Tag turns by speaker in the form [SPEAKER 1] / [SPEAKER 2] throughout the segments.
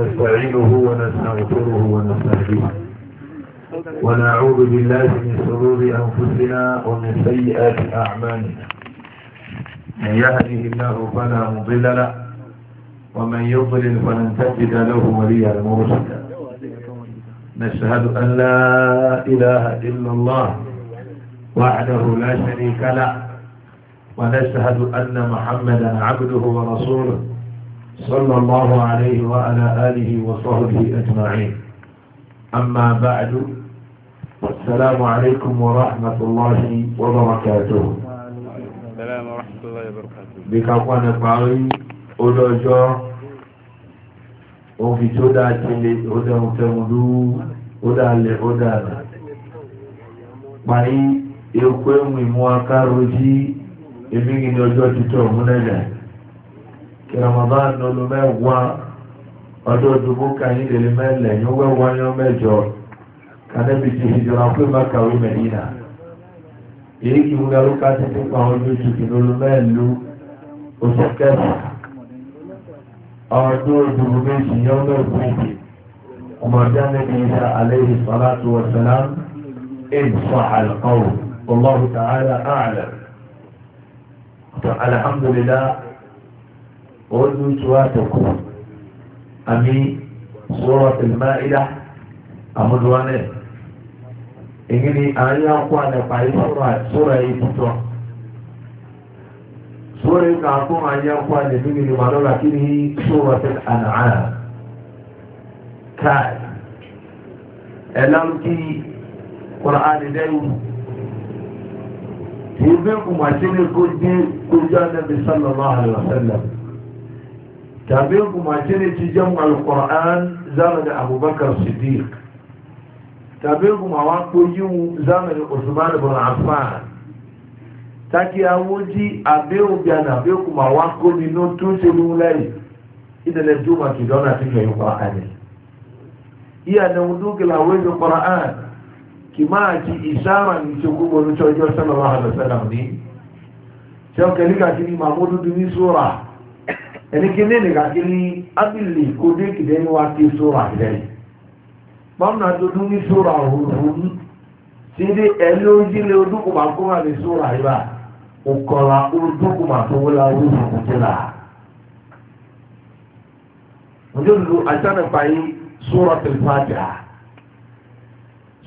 [SPEAKER 1] نستعينه ونستغفره ونستهديه ونعوذ بالله من شرور انفسنا ومن سيئات اعمالنا من يهده الله فلا مضل له ومن يضلل فلن تجد له وليا مرشدا نشهد ان لا اله الا الله وحده لا شريك له ونشهد ان محمدا عبده ورسوله صلى الله عليه وعلى آله وصحبه أجمعين أما بعد السلام عليكم ورحمة الله وبركاته السلام ورحمة الله وبركاته بك أخوان البعوي أدوجو وفي تودا تلي أدا متمدو أدا لأدا معي يقوم مواكا رجي يمين أجو تتو منجح ramadan lọ́lọ́ mẹ́wàá ọdún òdùbò kàyín lèlè mẹ́lẹ̀ yóò wẹ́wàá yọ mẹ́jọ kàdébì ti hìjọra pé má kàwé mẹ́dínà èyí kì í galó ká ti pípa àwọn olójú ìlú mẹ́lú oṣù kẹfà ọdún òdùbò méjì yọ mẹ́wàá ìdè ọmọdé níbi ìṣà alayhi salatu wa salam ìṣọ àlùkọ́wò Allahu ta'ala a'lam alhamdulillah. وجواتكم أمي سورة المائدة أمد وانا إنني أنا أقوانا قاي سورة سورة يبطر سورة يقعكم أنا أقوانا بمين مالو لكنه سورة الأنعام كاي ألمتي قرآن دايو يبقى ما تنقل دي كل جانب صلى الله عليه وسلم tabin kuma ce ne ci jan alkur'an zamanin abubakar siddiq tabin kuma wa koyin zamanin usman bin affan taki àwọn tí abẹ́òbíà náà abẹ́ kuma wa kó nínú tó ṣe lóhun láyé ìdẹ̀lẹ̀ tó ma kìdọ́ náà ti kẹ̀yìn kọ́ran ni iya na wudu kila wezo qur'an kimaji isara ni chukubwa ni chojo sallallahu alaihi wasallam ni chokeli katini mamudu duni sura ẹnikẹ́ni nìkàkiri abili kóde kìdẹ́ni wa ti sóra rẹ̀ báwọn àdúdú ní sóra òhun síbi ẹni ojúlé odúkùmá kó wà ní sóra yìí wa òkọ̀ra odúkùmá tó wọlé àwọn òṣèlú la ojúlù àjànàfà yìí sóra tẹlifájà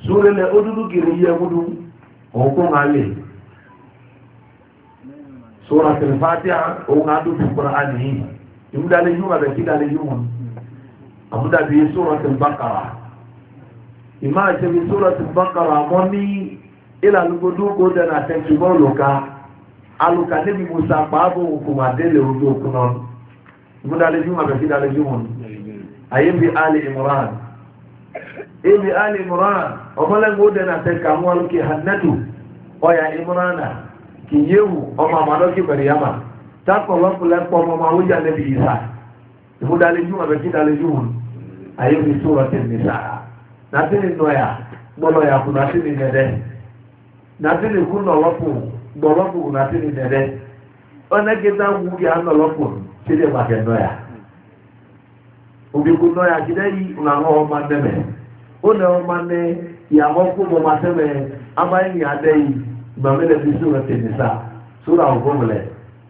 [SPEAKER 1] sóra lẹ odúdú kiri yẹ wúdú òkú ŋa lè sóra tẹlifájà òun adúdú kura ànìyí in da lejin wa da ki da lejin wa abu da bi suratul baqara ima ce bi suratul baqara mo ni ila lugodu ko da na tan ki bo loka aluka ne bi musa pa bo ko ma de le odo ko non mu da lejin wa da ki da bi ali imran ibi ali imran ọmọlẹ́gbẹ̀ ó dẹ̀nà tẹ kàmú alùkì hannatu ọya imrana kì yéwu ọmọ àmàlọ́kì bẹ̀rẹ̀ yàmà tápọ̀ lọ́pọ̀lọpọ̀ ọmọ ọmọ awúyà lẹ́bi ìsà ìfúdàlẹ́jú àbẹ̀kídàlẹ́jú ayé mi tó rọ̀tẹ̀ ní sára nàtìlì nọ̀yà kù kú wù òbí kú ọmọ nẹ́mẹ̀ ó nẹ ọmọ nẹ ìyàwó kú bọ̀ màtẹ́mẹ̀ amáyé ní adẹ́ yìí ìgbàmẹ́lẹ̀ fi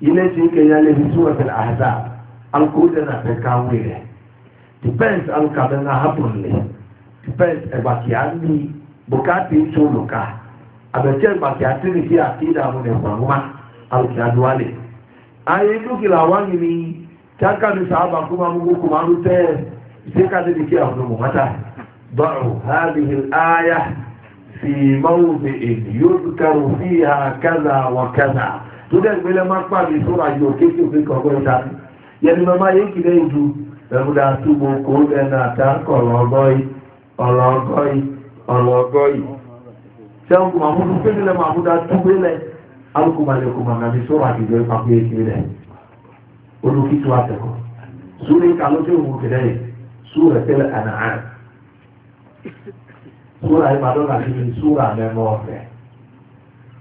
[SPEAKER 1] ilé tí ike ya lè fi surat al-ahzab alukóde na fẹ ká wéyẹ depends alukabe na happen le depends ẹgbàkìá ní bukati tó lùkà àbẹ̀tẹ̀ ẹgbàkìá tí nìkí àkídà àwọn ẹ̀fọ̀nwá alukìá duwálé. ayé dúkìlà wá ní ni kíákà ní sábà kó máa mú kó máa lù tẹ́ ìṣèkà ní nìkí àwọn ọmọ mọ́tà báwo hàbìhì ayá fi máwùmí èyí yóò dùkàrù fíhà kàdà wà kàdà tó dẹ̀ gbélé máa pàdé sóra yìí òkè tí òfin kan ọgbọ́n ta yẹnu mama yé kìlẹ̀ ìdú ẹ̀múdà túbọ̀ kó ẹnu àtà ọ̀rọ̀ ọgọ́yì ọ̀rọ̀ ọgọ́yì ọ̀rọ̀ ọgọ́yì sẹ́wọ̀n kò máa mú fún pẹ́lú lẹ́mọ̀ àmúdà túbọ̀ lẹ̀ alùpùpù malẹ̀ kò máa nàbí sóra àdìgbẹ́ pàpẹ́ ìkìlẹ̀ olùkìtù àtẹ̀kọ́ sórí kàlóṣe òwò kìlẹ̀ yìí súrẹ̀ tẹ́lẹ̀ àná súrà yìí màdọ́nà sí súrà mẹ́mọ́ ọ̀fẹ́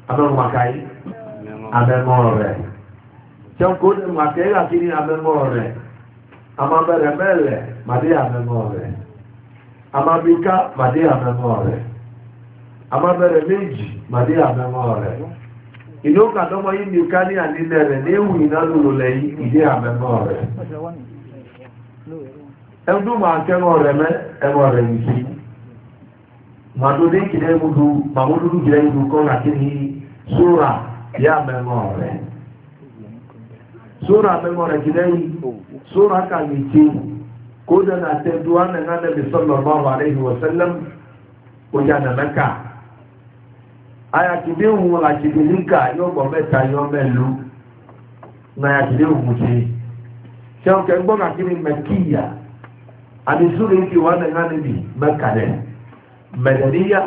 [SPEAKER 1] abẹ́rùn-ún abẹ́mọ́ rẹ̀ ṣẹ́kó ní màkẹ́yà kí ní abẹ́mọ́ rẹ̀ amábẹ̀rẹ̀ mẹ́lẹ̀ màdé abẹ́mọ́ rẹ̀ amábíká màdé abẹ́mọ́ rẹ̀ amábẹ̀rẹ̀ méjì màdé abẹ́mọ́ rẹ̀ ìlú kàdọ́mọ yìí ní ká ní ànílẹ̀ rẹ̀ ní ewu ìnálòlò lẹ́yìn ìdí abẹ́mọ́ rẹ̀ ẹ̀dùn màkẹ́mọ́ rẹ̀ mẹ́ ẹ̀mọ́ rẹ̀ nìkí màdó dé kìlẹ̀ mudu màmúdúdú kìlẹ̀ mudu kọ́ ya memore sura memore kidai sura kaliti ko da na ta duwa na annabi sallallahu alaihi wa sallam ko ya na maka aya kidi hu la kidi linka yo bo meta yo melu na ya kidi hu ti se o ke gbo ka kini mekiya ani sura ki wa na annabi makale madaniya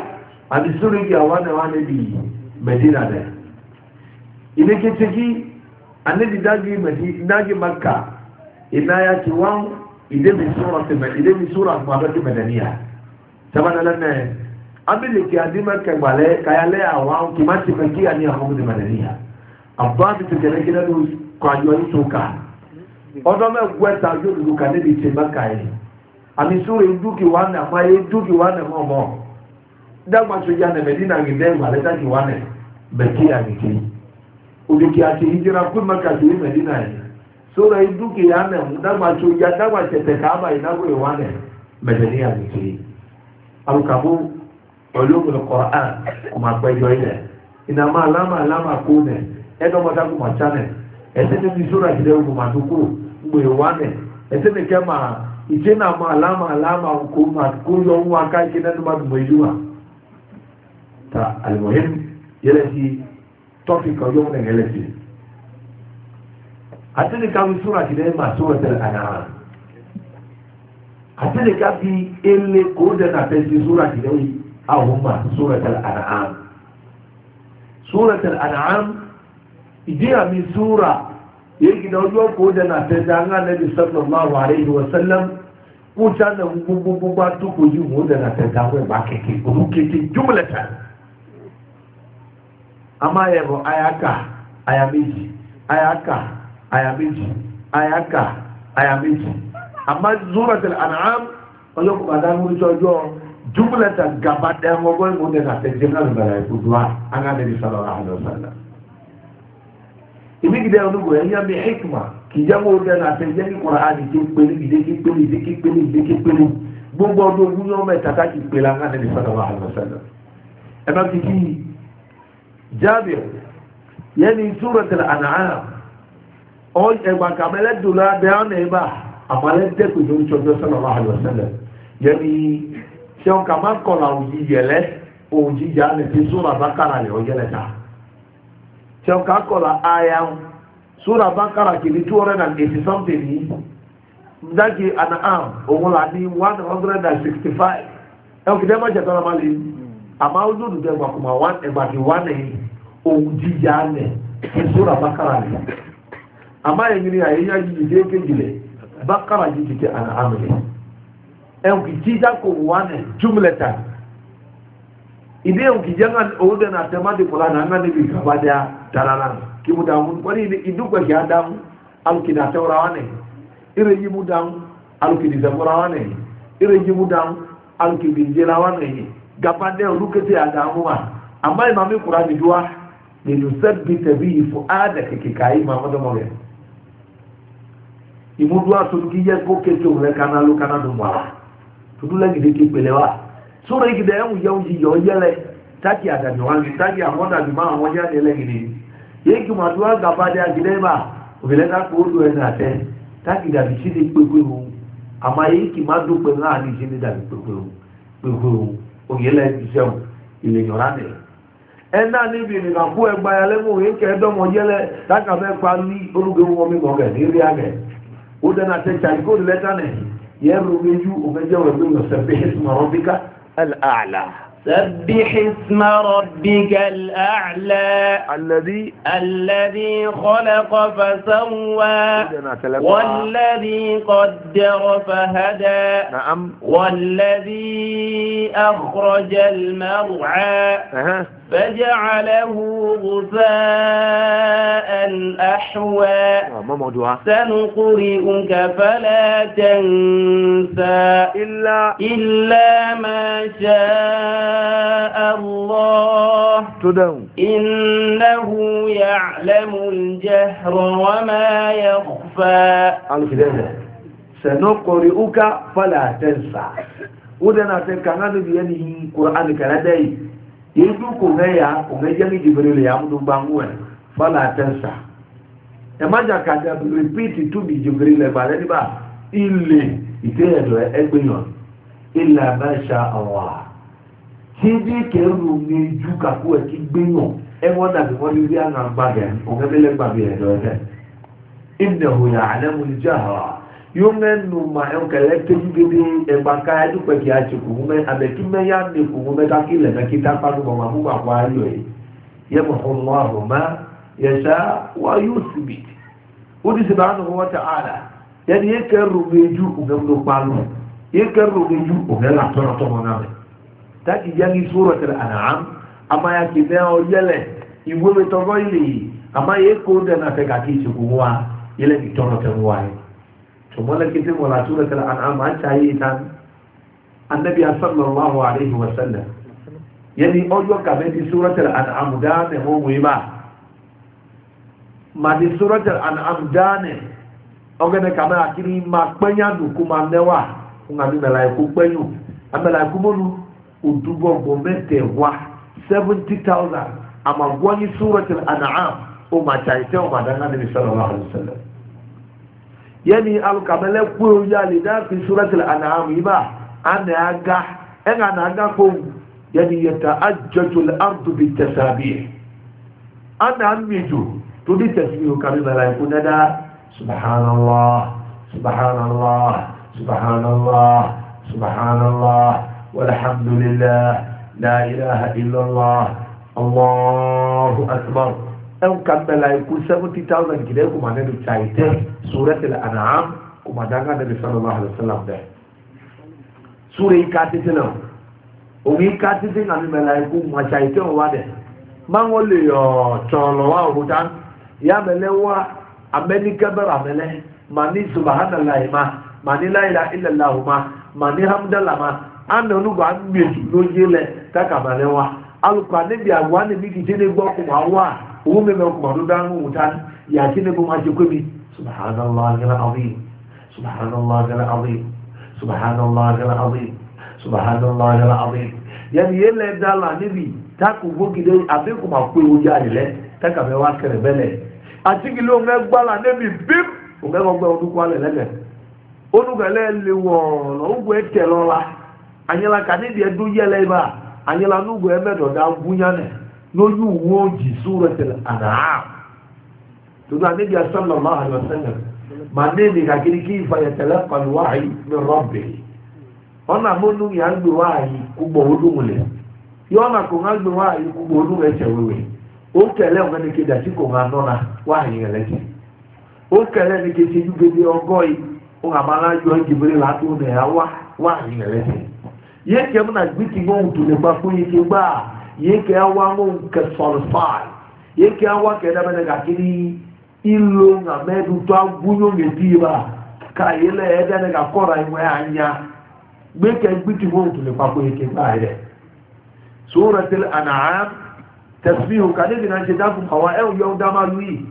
[SPEAKER 1] ani sura ki wa na annabi medina ne idan ke ciki annabi dagi madi dagi makka ina ya ce wan ide mi sura ta mai idan mi sura ma ba ta madaniya saboda lan ne abin ke adi makka gwale kayale a wan ki ma ci maki ani a hukumar madaniya abba ta ta ne gidan su kwayo yi soka ọdọ mẹgbẹ ta ojú òdòdó kan níbi ìtì makka yìí àmì sura ìdúkì wa nà má yé dúkì wa nà mọ̀ mọ̀ dàgbà sójà nà mẹ́dínà gidi ẹ̀ gbàlẹ́ dàgbì wa nà bẹ̀kí àgìkì òdòkè àti ìjìnà kó mẹ́ka sí ní mẹ́dínà yìí sóra dúkìá nẹ̀ mú dàgbà tó ya dàgbà tẹ̀tẹ̀ káàbà yìí dàgbà ìwà nẹ̀ mẹ́dínà yà mí kiri alùkàbó ọlọ́mọlẹ kọ́ran kò máa pẹ́ yọ ilẹ̀ ìnà máa lámà lámà kó nẹ̀ ẹ̀dọ́mọdá kò máa tánẹ̀ ẹ̀sẹ̀ ní ti sóra ìdílé kò máa tó kó ẹ̀sẹ̀ ní kẹ́ máa ìṣe náà máa lámà lámà kó máa kó yọ wọn máa dùn ta àlùmọ́ yẹn yẹlẹ́ topic kan yóò nìyẹn lẹ́sẹ̀ àti ní ká wí súra ti dẹ́ máa súra tẹ̀lé àná àti ní ká fi ele kó dẹ́ na fẹ́ sí súra ti dẹ́ wí àwọn máa súra tẹ̀lé àná súra tẹ̀lé àná ìdí àmì súra yéegi na ọjọ́ kó dẹ́ na fẹ́ dá ńlá nàbì sallallahu alayhi wa sallam kó tá na gbogbogbò bá tó kojú mọ́ dẹ́ na fẹ́ dá wọ́n ẹ̀ bá kéke olú kéke jùmọ̀lẹ́tà ama yɛ no ayaka ayameji ayaka ayameji ayaka ayameji ama zuratul an'am ɔlɛ kɔba dan mu sɔjɔ jumla ta gaba ɗaya magon mu da ta tajjim na da rayuwa duwa an ga nabi sallallahu alaihi wasallam ibi gida wani goyen ya bi hikma ki ja na tajjim qur'ani ki pele gide ki pele gide ki pele gide ki pele gbogbo ọdún ogun yóò mẹ́ta ká kí an ga nabi sallallahu alaihi wasallam ẹ bá fi kí jabir yani surat al-an'am o egba kamele dula be ona eba amale de ku do ncho sallallahu alaihi wasallam yani se on kama ko la uji yele uji ya ne ti sura bakara le ojele ta se on ka aya sura bakara ki ni 280 something ni ndaki an'am o wala ni 165 e o kidema je to la mali amma ojú òdùdó ẹgbà kò mà wán ẹgbà kì wán ẹ jíjà nẹ ìṣúra bákàrà rẹ àmà ẹ̀yìn ni àyíyá yìí dé kéjìlẹ bákàrà yìí ti tẹ àná àmì ẹ̀hùn kì jíjà kò wán ẹ júmùlẹ̀tà ìdí ẹ̀hùn kì jẹ́ngà owó dẹ̀ nà tẹ̀mátì kọ́lá nà ńgá níbi ìgbàgbá dẹ́ dára nà kí mu dàmú wọ́n ní ìdúgbẹ̀ kì á dàmú alùkì dà wá nẹ ìrẹ̀ yìí mu dàmú alùkì dì gabanin rukata ya damuwa amma imamin qur'ani duwa ne nusabbita bihi fu'adaka kikai mamadu mawla ìmúdúwà tó kí yẹ kó kéte òun rẹ kaná ló kaná ló mọ àwọn tuntun lẹ́gìdì kí pèlè wa sórí ìgìdì ẹ̀hún yẹ òun yíyọ yẹlẹ táàkì àdàbí wa ní táàkì àwọn dàbí máa wọn yá ní ẹlẹ́gìdì yìí kí màá tó wá gàba dé àgìdẹ́ bá òbílẹ̀ náà kó lù ẹ̀ nà tẹ táàkì dàbí sí ni pépé òun àmọ́ yìí kì má dún pẹ̀lú àní sí ni dàbí pépé òun pépé òun òyìnlẹ̀ ìṣẹ́wọ̀n ìlèyàn rádẹ̀ ẹ̀dá níbi ìrìnà fún ẹgbà ẹlẹ́mú òye kẹ́ẹ̀dọ́mọ yẹlẹ̀ lákàfẹ́ pa ní olùgbé wọn mi mọ̀gẹ̀ ní rí àgẹ̀ ó dẹ́nà tẹ́tà ìkó lẹ́tà nẹ̀ yẹ́rù méjú òmẹjẹ́wọ̀ ẹgbẹ́
[SPEAKER 2] سبح اسم ربك الأعلى الذي الذي خلق فسوى والذي قدر فهدى نعم والذي أخرج المرعى فجعله غثاء أحوى آه، سنقرئك فلا تنسى إلا, إلا ما شاء الله إنه يعلم الجهر وما يخفى
[SPEAKER 1] سنقرئك فلا تنسى ودنا تنكنا بيده قرآن كنديه yezu kunga ya kunga jami jibril ya mdu banguwe fala tensa emaja kaja repeat to bi jibril ba le ba ile ite do egbeyan illa ma sha allah ti bi ke ru mi ju ka ku e ti gbeyan e won da bi won ri an gba ge o ke le gba do e innahu ya'lamu al-jahra yume numa enkele keju bebe egbaka ya dukpe ki achi kuhume ametume ya ne kuhume kaki leme kita kpanu mama mu ma kwa ayo ye ye mu hulu ahu ma yasa wa yusbit udi subhanahu wa ta'ala yani ye keru beju uge mdo kpanu ye keru beju uge la toro to mona me taki yangi surat al-an'am ama ya kimea oyele iwe metogo ili ama ye kode na teka kichi kuhuwa ile ni toro te muwa ye to malakin tin wala tura kala an'am an tayi ita annabi sallallahu alaihi wa sallam yani ọjọ́ oh, kabe di suratul an'am da ne mo mu ba ma di suratul an'am da ne ogene kabe ma penya du ma newa ngabi mala ku penyu amala ku molu udubo bo mete wa 70000 ama gwani suratul an'am oh, yani alkamele kuro ya le da fi suratul an'am iba ana aga ena na aga ko yani yata'ajjatu al-ardu bi tasabih ana amiju to di tasbih ka mi bala ko da subhanallah subhanallah subhanallah subhanallah walhamdulillah la ilaha illallah allahu akbar ɗan kammala ku 70,000 gidan kuma na da caite suratul an'am kuma dan ga nabi sallallahu alaihi wasallam da sura katitina o mi katitina mi malaiku ma caite wa de man wole yo tolo wa hutan ya mele wa ameni kabara mele mani subhanallahi ma mani la ilaha illallah ma mani hamdallah ma an onu gba mi lo jele ta kamale wa alukwa ne bi agwa ne bi kiti ne gbo kuma wa wo me me kuma do dan mu tan ya ci ne bu ma ci ko bi subhanallahi alazim subhanallahi alazim subhanallahi alazim subhanallahi alazim yani yele dala níbi ta ko gogide àbí ko ma ko o ja ile ta ka be wa kere bele àti ki lo me gbala níbi bip o me gbo ọdún ko ale lele onugale le wo lo ugbo ete lola anyela ka ni di edu yele ba anyela nugbo emedo da bunya ne lójú wo jì súratul An'am ma àdébí sallallahu alaihi wasallam màá ní èmi kàkiri kí fayatalaqa al-wahyu min rabbih ọ̀nà àmọ́nú yà ń gbé wáyé kúgbọ olóhùn lẹ̀ yọ ọ̀nà kò ń gbé wáyé kúgbọ olóhùn ẹ̀jẹ̀ wíwẹ̀ ó kẹlẹ́ ọ̀gá ni kéde àti kò ń nọ́ra wáyé rẹ̀ lẹ́jẹ̀ ó kẹlẹ́ ni nye ju gbèdé ọgọ́yì yìí yake awa mo nke solfai yake awa ke da bene kiri ilo na medu to agunyo ngeti ba ka ile ede ne ga kora inwe anya gbe ke gbiti mo tule pa ko yake ba ire suratul an'am tasbihu kadidi na je dafu hawa e yo da ma lui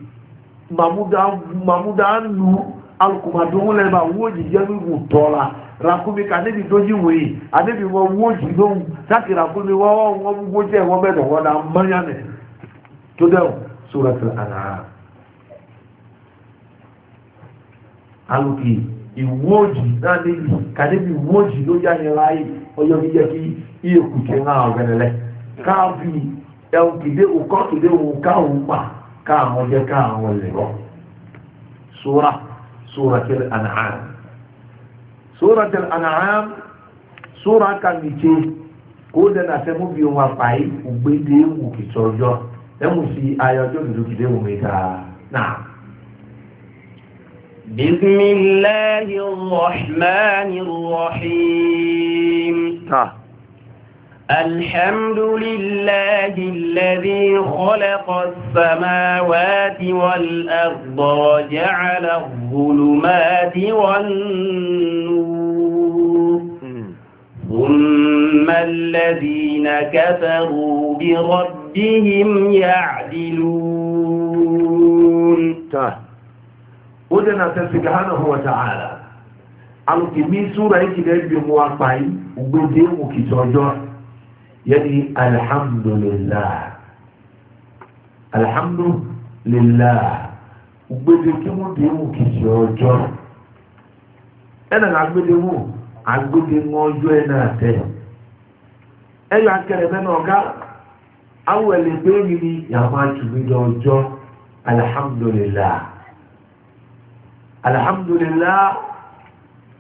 [SPEAKER 1] mamuda mamuda nu alkumadun le ba woji yanu gutola rakumi ká níbi tó yí wòye àníbi wọn wó jù lóhùn láti ràkúnmí wọn wọn wó jẹ wọn bẹ́ẹ̀ lọ́wọ́ náà mọ́nyánì tó dẹ́wọ̀n suratul náà níbi níbi yá láàyè kí náà káàbì òkọ́ pa suratul an'am sura kan nice ko da na sai mu biyo wa pai ugbede wu ki sojo e mu si ayo jo du ki de mu meta
[SPEAKER 2] na bismillahir rahmanir rahim ta الحمد لله الذي خلق السماوات والأرض وجعل الظلمات والنور ثم الذين كفروا بربهم يعدلون طيب. ودنا سبحانه
[SPEAKER 1] وتعالى alùpùpù sùúrà yìí ti dẹ́ bí mu apá yìí gbèdé yẹni alihamdulilah alihamdulilah gbedekemu de mu kìsì ọjọ́ ẹnna agbedemu agbedemu ọjọ́ yẹn náà tẹ ẹyọ akẹrẹ bẹ náà ọgá awọ ẹlẹgbẹ mi ni yàrá àtúmí dẹ ọjọ́ alihamdulilah alihamdulilah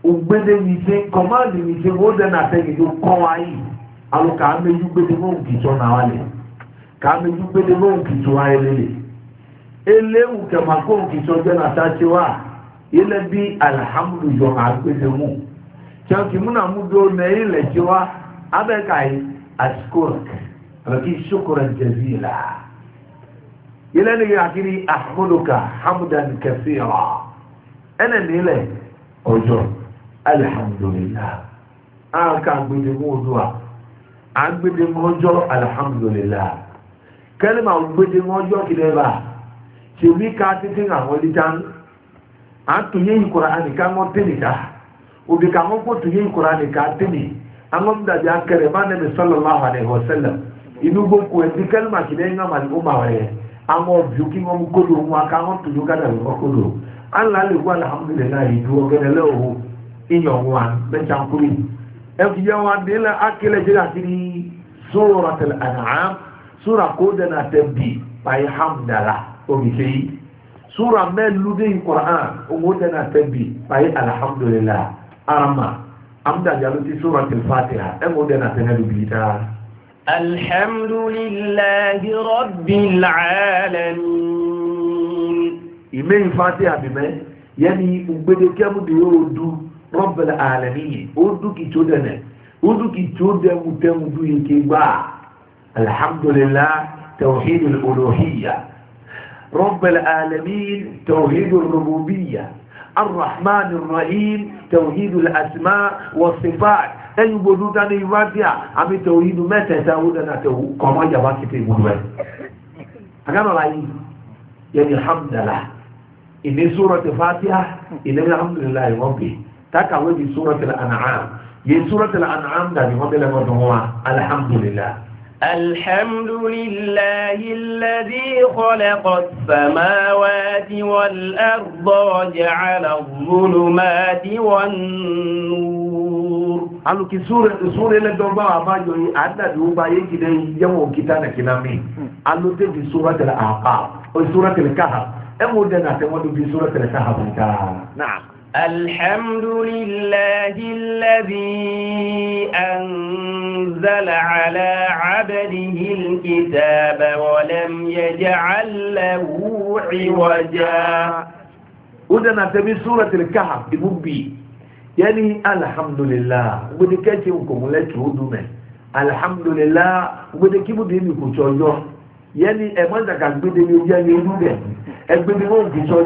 [SPEAKER 1] ogbede mi se kọmáàdì mi se mo dẹ náà tẹ yìí ló kọ́ wáyé. alu ka amejugbede n'onkitsɔ n'awale ka chọ n'onkitsɔ ayelele elewu kɛmɛ ko onkitsɔ jɛ n'atatsi wa yɛlɛ bi alihamudu yɔ agbede na tiɛnti munamu do na le tsi wa abe ka yi asikorok abɛki sokorok jɛbi la yɛlɛ ne yakiri ahamudu ka hamudan kɛse yɔrɔ ɛnɛ ne yɛlɛ ɔjɔ
[SPEAKER 2] alihamudulilah
[SPEAKER 1] an ka agbede mu do agbedemọjọ alihamudulilayi kẹlẹma agbedemọjọ kìlẹba tèmi ká tètè ŋà wọlé tán àtúnyẹ ìkura ànìká ŋọ tẹnì ká òbí ká ŋọ kó túnyẹ ìkura ànìká tẹnì aŋọ mi dàbí akẹrẹ má nẹbi sallallahu alaihi wasallam inú gbókò ẹbí kẹlẹma kìlẹ ŋà màlẹ ọmọ rẹ aŋọ bìú kí ŋọ kódo ŋọ ká ŋọ túnyẹ ká dàbí dúró ìyọ̀ wọn ẹkùnyẹwà nílẹ̀ akílẹ̀ jẹ́rẹ̀ àkíní sọ́rọ̀ àtẹlẹ̀ àdáhàm sọ́rọ̀ àkóódẹ̀ náà tẹ̀bí báyìí hàmdàlà òmìṣẹ́ yìí sọ́rọ̀ mẹ́lú ní ìkọ̀rán òmòódẹ̀ náà tẹ̀bí báyìí alhamdulilá arama amdàjà ló ti sọ́rọ̀ àtẹlẹ̀ fàtìhà ẹ̀mọ́dẹ̀ náà tẹ̀lẹ̀ lùbìlì tá
[SPEAKER 2] alhamdulillahi rabbil alamin ìmẹ́yìn fàtìhà bìmẹ́ yẹ́nì
[SPEAKER 1] ògbédekẹ́mùdì dùn رب العالمين أردوك جدنا أردوك جدا متمدو يكبا الحمد لله توحيد الألوهية رب العالمين توحيد الربوبية الرحمن الرحيم توحيد الأسماء والصفات أي بدودا نيفاتيا أمي توحيد متى تاودنا كما جباك في مدوان أكان الله يعني الحمد لله إن سورة فاتحة إن الحمد لله ربي taka wadi سورة الأنعام anam سورة الأنعام al-an'am da ni wadi lamar dhuwa alhamdulillah
[SPEAKER 2] الحمد لله الذي خلق السماوات والأرض وجعل الظلمات والنور قالوا كي سورة سورة لدربا
[SPEAKER 1] أباجو أدى دوبا يكي دي يمو كتانا كلامي قالوا تي في سورة الأعقاب أو سورة الكهف أمو دينا تمو في سورة الكهف نعم
[SPEAKER 2] الحمد لله الذي أنزل على عبده الكتاب ولم يجعل له عوجا ودنا تبي سورة الكهف
[SPEAKER 1] بمبي يعني الحمد لله ودي كاتي وكم ولا تردون الحمد لله ودي كيبو دي ميكو يعني أمان تكاك بدي ميجاني ودي أكبدي ميكو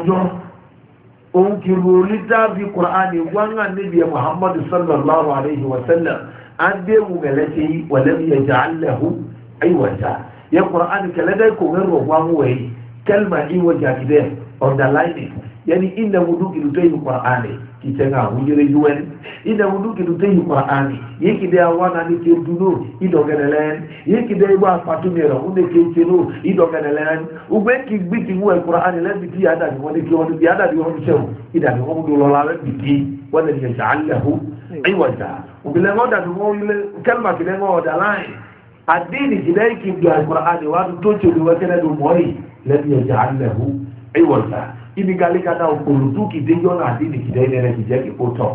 [SPEAKER 1] òun kì rò lítàbí kùránì wọn ànábì muhammadu sallallahu alayhi wa sallam adéhùn mẹlẹ́tẹ̀ yìí wàlẹ́bí ẹ̀jẹ̀ alẹ́hu ẹ̀wọ̀ta yẹ kùránì kẹlẹ́dẹ́ kò mẹ́rọ̀ wọn wọ̀nyí kẹlma ìwọ̀jà kìdẹ́ ọ̀dàláìnì yẹni ìnáwó dúkìlú tó yẹ kùránì itega wujere yuwen ida wudu kidu teyi qur'ani yeki de awana ni ke duno ido genelen yeki de ba patu mera unde ke tinu ido genelen ugbe ki gbiti wu qur'ani ti ada ni woni ki woni bi ada di woni sewu ida ni woni do lola le bi ti wala ni ta'allahu iwaja ubile ngoda imigalikata okporotu kideyɔnu adi ni kidɛ nɛnɛ kidɛ kipotɔ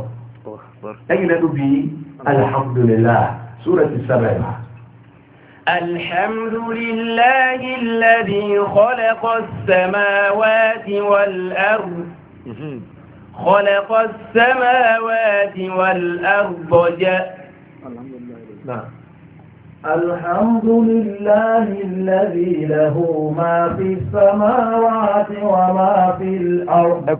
[SPEAKER 1] ɛyinɛ do bi alihamudulilayi surati saba la.
[SPEAKER 2] الحمد لله الذي خلق السماوات والأرض خلق السماوات والأرض جاء الحمد لله الحمد لله الذي له ما في السماوات وما في الأرض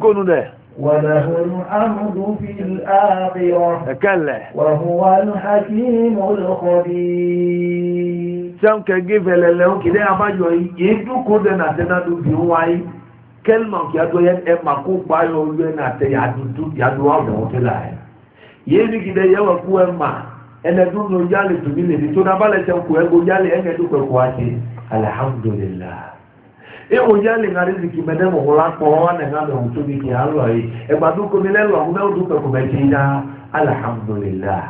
[SPEAKER 2] وله الحمد في الآخرة وهو الحكيم
[SPEAKER 1] الخبير سام كان جيف لله كده أباجو يدو كده نتنا بيواي كلمة كده ين أما كو بايو ين أتي يدو يدو أبو يدو كده يوكو أما ẹnẹdún ló yálè tòmí lè ní tó dábàlẹ̀ tẹ kù ẹgbó yálè ẹnẹdún pẹ̀kọ́ wá sí alihamudulilayi ewo yálè ŋa rí zikì mẹ dẹ́mọ̀ wọ́n lápọ̀ wọn nà ŋa mẹ̀wò tóbi kì á lọ yìí ẹgbà tó komi lẹ́lọ àwọn mẹ́wò tó pẹ̀kọ́ mẹ́ ti dá alihamudulilayi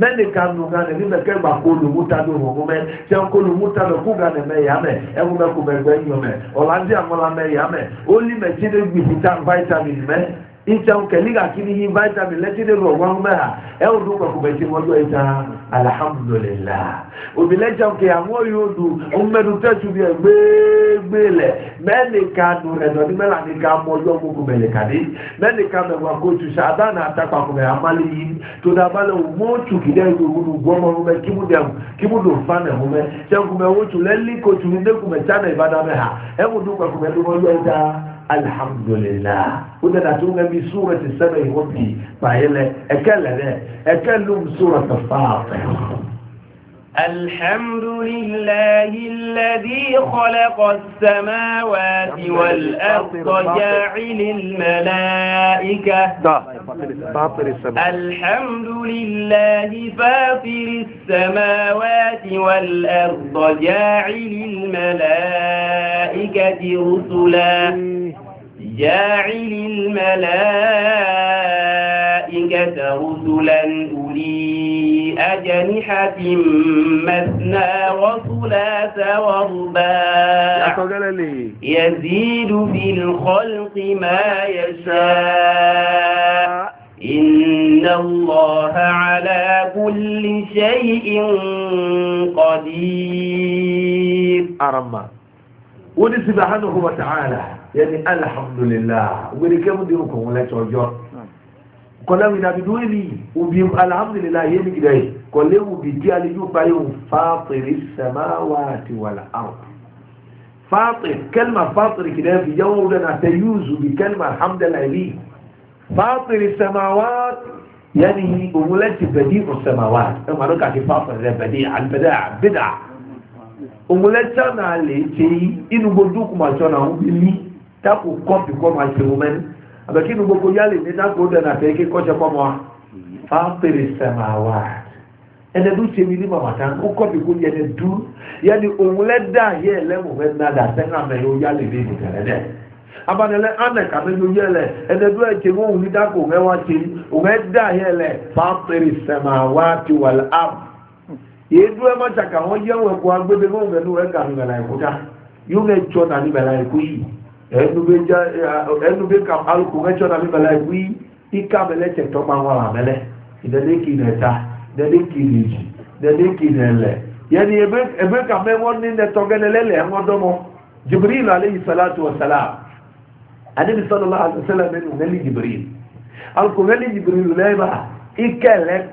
[SPEAKER 1] mẹ́ni ka nù ŋa nì nímẹ̀ kẹ́ gbà kó lu múta ló hùwù mẹ́ tẹ kó lu múta lọ kó ŋa nì mẹ́ yá mẹ́ ẹ̀wù mẹ́ kó mẹ́ gbẹ́ nyọ mẹ́ ọ̀làndí àmọ́lá mẹ́ yá mẹ́ ó lì mẹ́ tí ita kali ga kini yi vitamin lati de ro wan ba e o du ko be ti mo jo ita alhamdulillah o bi le jam ke àwọn yo du o me du te tu bi e gbe gbe le me ni ka du re do ni me la ni ka mo jo ko ko be le ka ni me ni ka me wa ko tu sa da na ta pa ko be amali yi to da ba le o mo tu ki de ru ru gbo mo be ki mu de ki mu do fa na mo me se ko me o tu le li ko tu ni de ko me ta na ibada me ha e o du ko ko be du mo jo ita الحمد لله وده نتوجه سورة السبع يومي فهي لأكل ذا أكلهم سورة الفاطر
[SPEAKER 2] الحمد لله الذي خلق السماوات والأرض جاعل الملائكة الحمد لله فاطر السماوات والأرض جاعل الملائكة رسلا إيه. جاعل الملائكة رسلا أولي أجنحة مثنى وثلاث ورباع يزيد في الخلق ما يشاء إن الله على كل شيء قدير أرمان wọ́n ní
[SPEAKER 1] subhanahu wa ta'ala yẹn ní alhamdulillah wẹ́rẹ́kẹ́ mu dirun kọ̀ọ̀wọ́n lẹ́tọ̀ ọjọ́ kọ́lá mi nàbí dúró ní òbí alhamdulillah yẹn ní gidẹ kọ́lé òbí tí alẹ́jú parí òun fàtìrì samawati wal ard فاطر كلمة فاطر كده في جولنا تيوز بكلمة الحمد لله فاطر السماوات يعني هي أمولات بديع السماوات أما ركعة فاطر بديع البداع بدع omulecha na ala echeghị inugbo duk ma chọ na mbili tapu kọpi kọ ma che omen abeki inugbo ko ya le nena ko da na pe ke ko che kwa fa pere samawa ene du che mili ma mata ko kọpi ko ye ne du ya ni da ye le mo be na da se na me yo ya le be ni kare de abanele ana ka me yo ye le ene du e che mo ni da ko wa che o da ye le fa pere samawa ti wal ard yedu ɛma tsaka wɔn yɛ wɔn ɛkò agbebe wɔn bɛ nu ɛga nu bɛla ɛkò yóò ŋa tsɔ na mi bɛla ɛkò yi ɛnu bɛ dza ɛnu bɛ ka aluko ŋa tsɔ na mi bɛla ɛkò ika mɛ lɛ tsɛtɔ ma wɔn la mɛ lɛ dɛdɛ ki nɛ ta dɛdɛ ki nɛ dzi dɛdɛ ki nɛ lɛ ɛbɛ ɛbɛ ka mɛ wɔn ni nɛtɔ gɛ lɛ lɛ ɛŋɔ dɔmɔ jibril aleyhi salatu wa salam anabi sallallahu alayhi wa sallam ɛnu ŋɛli jibril ba ika lɛ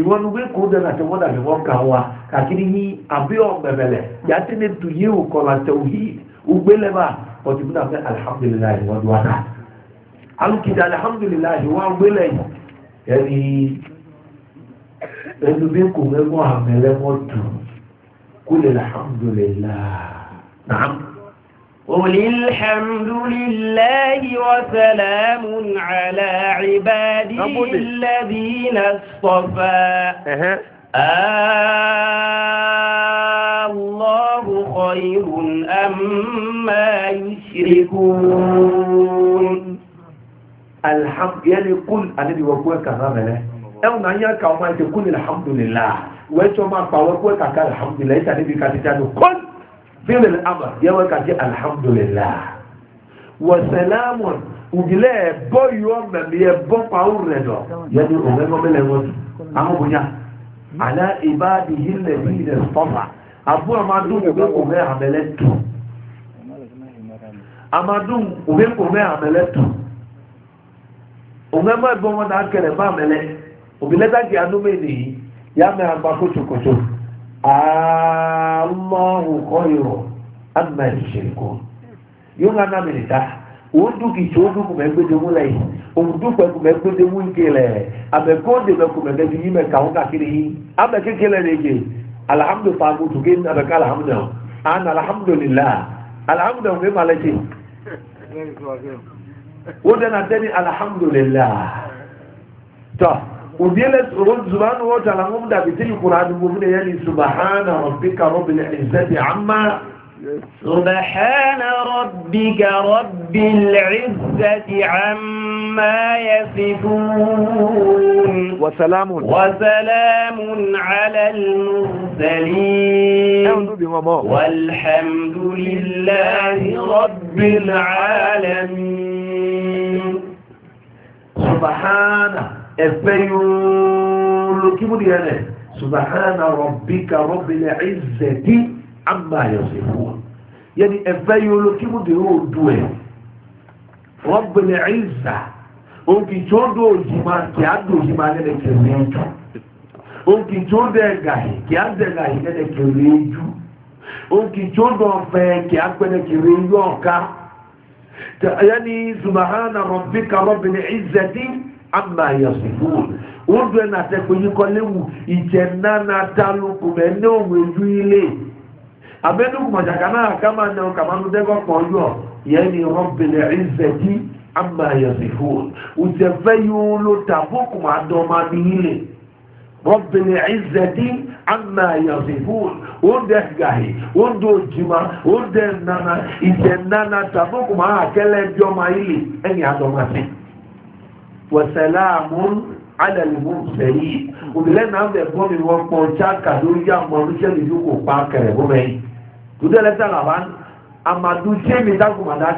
[SPEAKER 1] ìwọ́n wé kó dẹ́nà tí wọ́n dàbí wọ́n kàn wá kàkiri yí àbí ọ̀gbẹ̀bẹ̀lẹ̀ yàtí ni tù yí òkọ̀lá tẹ̀wí ugbélébà ọ̀tí fún àfẹ́ alihamudulilayi wọ́n dùn wá alùkìdí alihamudulilayi wọ́n gbélé ẹni ẹnu bí kò mẹ́gbọ́n àmẹ́lẹ́mọ́ dùn
[SPEAKER 2] alihamudulilayi nàá. قل الحمد لله وسلام على عبادي الذين اصطفى الله خير أم ما يشركون الحمد يعني قل الذي وقوك
[SPEAKER 1] غاملة أو من يرك يقول الحمد لله ويتو ما فوقوك الحمد لله يتعني بكاتتانه قل fílẹ̀ àmà yẹ́wọ́ kàjẹ́ alhamdulillah wọ̀sẹ̀lámù ògìlẹ̀ ẹ̀bọ́ yọ mẹ̀mí ẹ̀bọ́ pàrọ̀ rẹ̀ dọ̀ yẹ́nu òmẹ́gbọ́mẹ́lẹ̀ wọn amúgbóyà àlá ìbáàdì yìlẹ̀ yìlẹ̀ sọ́fà àbú àmàdùn òmẹ́kòmẹ́ àmẹ́lẹ́ tù àmàdùn òmẹ́kòmẹ́ àmẹ́lẹ́ tù òmẹ́mọ́ ẹ̀bọ́n wọn náà kẹrẹ̀ bá àmẹ́lẹ́ òbílẹ́dàgì anúmẹ́ nìyí yá mẹ́ àgbà kótókótó Allahu khairu amma yushrikun yo nga na milita wondu ki chodu ku o de mulai wondu ku ku megbe de munkele abe ko de be de yime ka kiri abe ke kele ne ke alhamdu tabu tu abe ka alhamdu ana alhamdulillah alhamdu ngi malaji wonde na deni وديلت رد سبحانه وتعالى مبدا بتلك قرآن المؤمنة يعني سبحان ربك رب العزة عما سبحان
[SPEAKER 2] ربك رب العزة عما يصفون وسلام وسلام على المرسلين والحمد لله رب العالمين سبحانه
[SPEAKER 1] ẹ̀fẹ́ yóò lókìmúdì rẹ̀ rẹ̀ subahana rabbika rabbil izzati amma yasifun yẹni ẹ̀fẹ́ yóò lókìmúdì yóò ẹ̀ rabbil izza òǹkì tí ó dó òjìmá kí á dó òjìmá lẹ́lẹ̀ kẹ̀lé jù òǹkì tí ó dẹ̀ gàì kí á dẹ̀ gàì tí ó dọ̀ kí á ama yasifun na atɛkpɛ yi kɔlɛ wu ìtsɛ nana talu kumɛ ne ohun edu ile abɛnu kumadzaka náà kama ne o kama nu dɛgɔ kpɔn yɔ yɛn ni ama yasifun ìtsɛfɛ yiwo lo ta fo kuma dɔma ni ile rɔbele ɛzɛti ama yasifun nana nana ta fo ile si. wọ̀sẹ̀láàmún alẹ́lùmọ́sẹ̀yí òbílẹ́nà ń bẹ̀ fún mi wọ́n pọ̀ ṣáàkà lórí àmọ́ oníṣẹ́ mi yóò kó pa kẹrẹ̀ gómẹ̀ yìí dúdẹ́lẹ́ sára wa amadu ṣé mi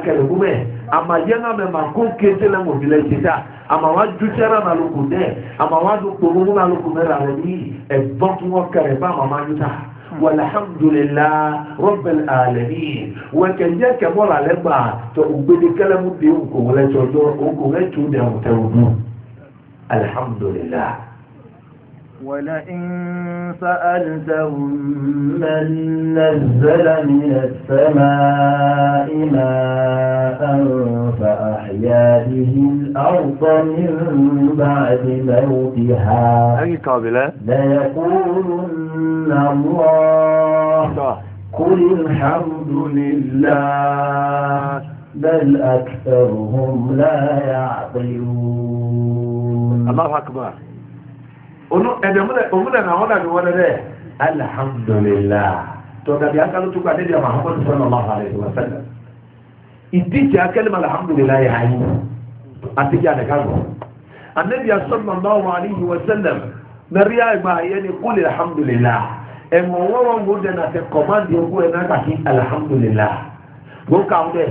[SPEAKER 1] kẹrẹ̀ gómẹ̀ amadiyɛn ka mɛ ma ko kente la ŋo bilɛ ti da ama wa dutɛra na lo kun dɛ ama wa do kí wọn kɛrɛ bá mama yi ta. والحمد لله رب العالمين وكان جاك مولا لما تأبدي كلمة بيوكم ولا تردور أوكم الحمد لله
[SPEAKER 2] ولئن سألتهم من نزل من السماء ماء فأحيا به الأرض من بعد موتها أي قابلة ليقولن الله قل الحمد لله بل أكثرهم لا يعقلون الله
[SPEAKER 1] أكبر ono ɛdɛ mu na omu na na ɔna bi wɔlɛ dɛ alihamdulilah tɔdabi akalu tukpa ne di ama ahomadu sɔlɔ lɔha alayhi wa sallam ìdíje akɛlɛm alihamdulilah yɛ ayi atigi adaka gbɔ anabi asɔlɔ lɔha alayhi wa sallam mɛri agba yɛ ni kuli alihamdulilah ɛmɔ e wɔwɔ ŋgo dɛ na tɛ kɔmandi ŋgo yɛ na kaki alihamdulilah ŋgo kaw dɛ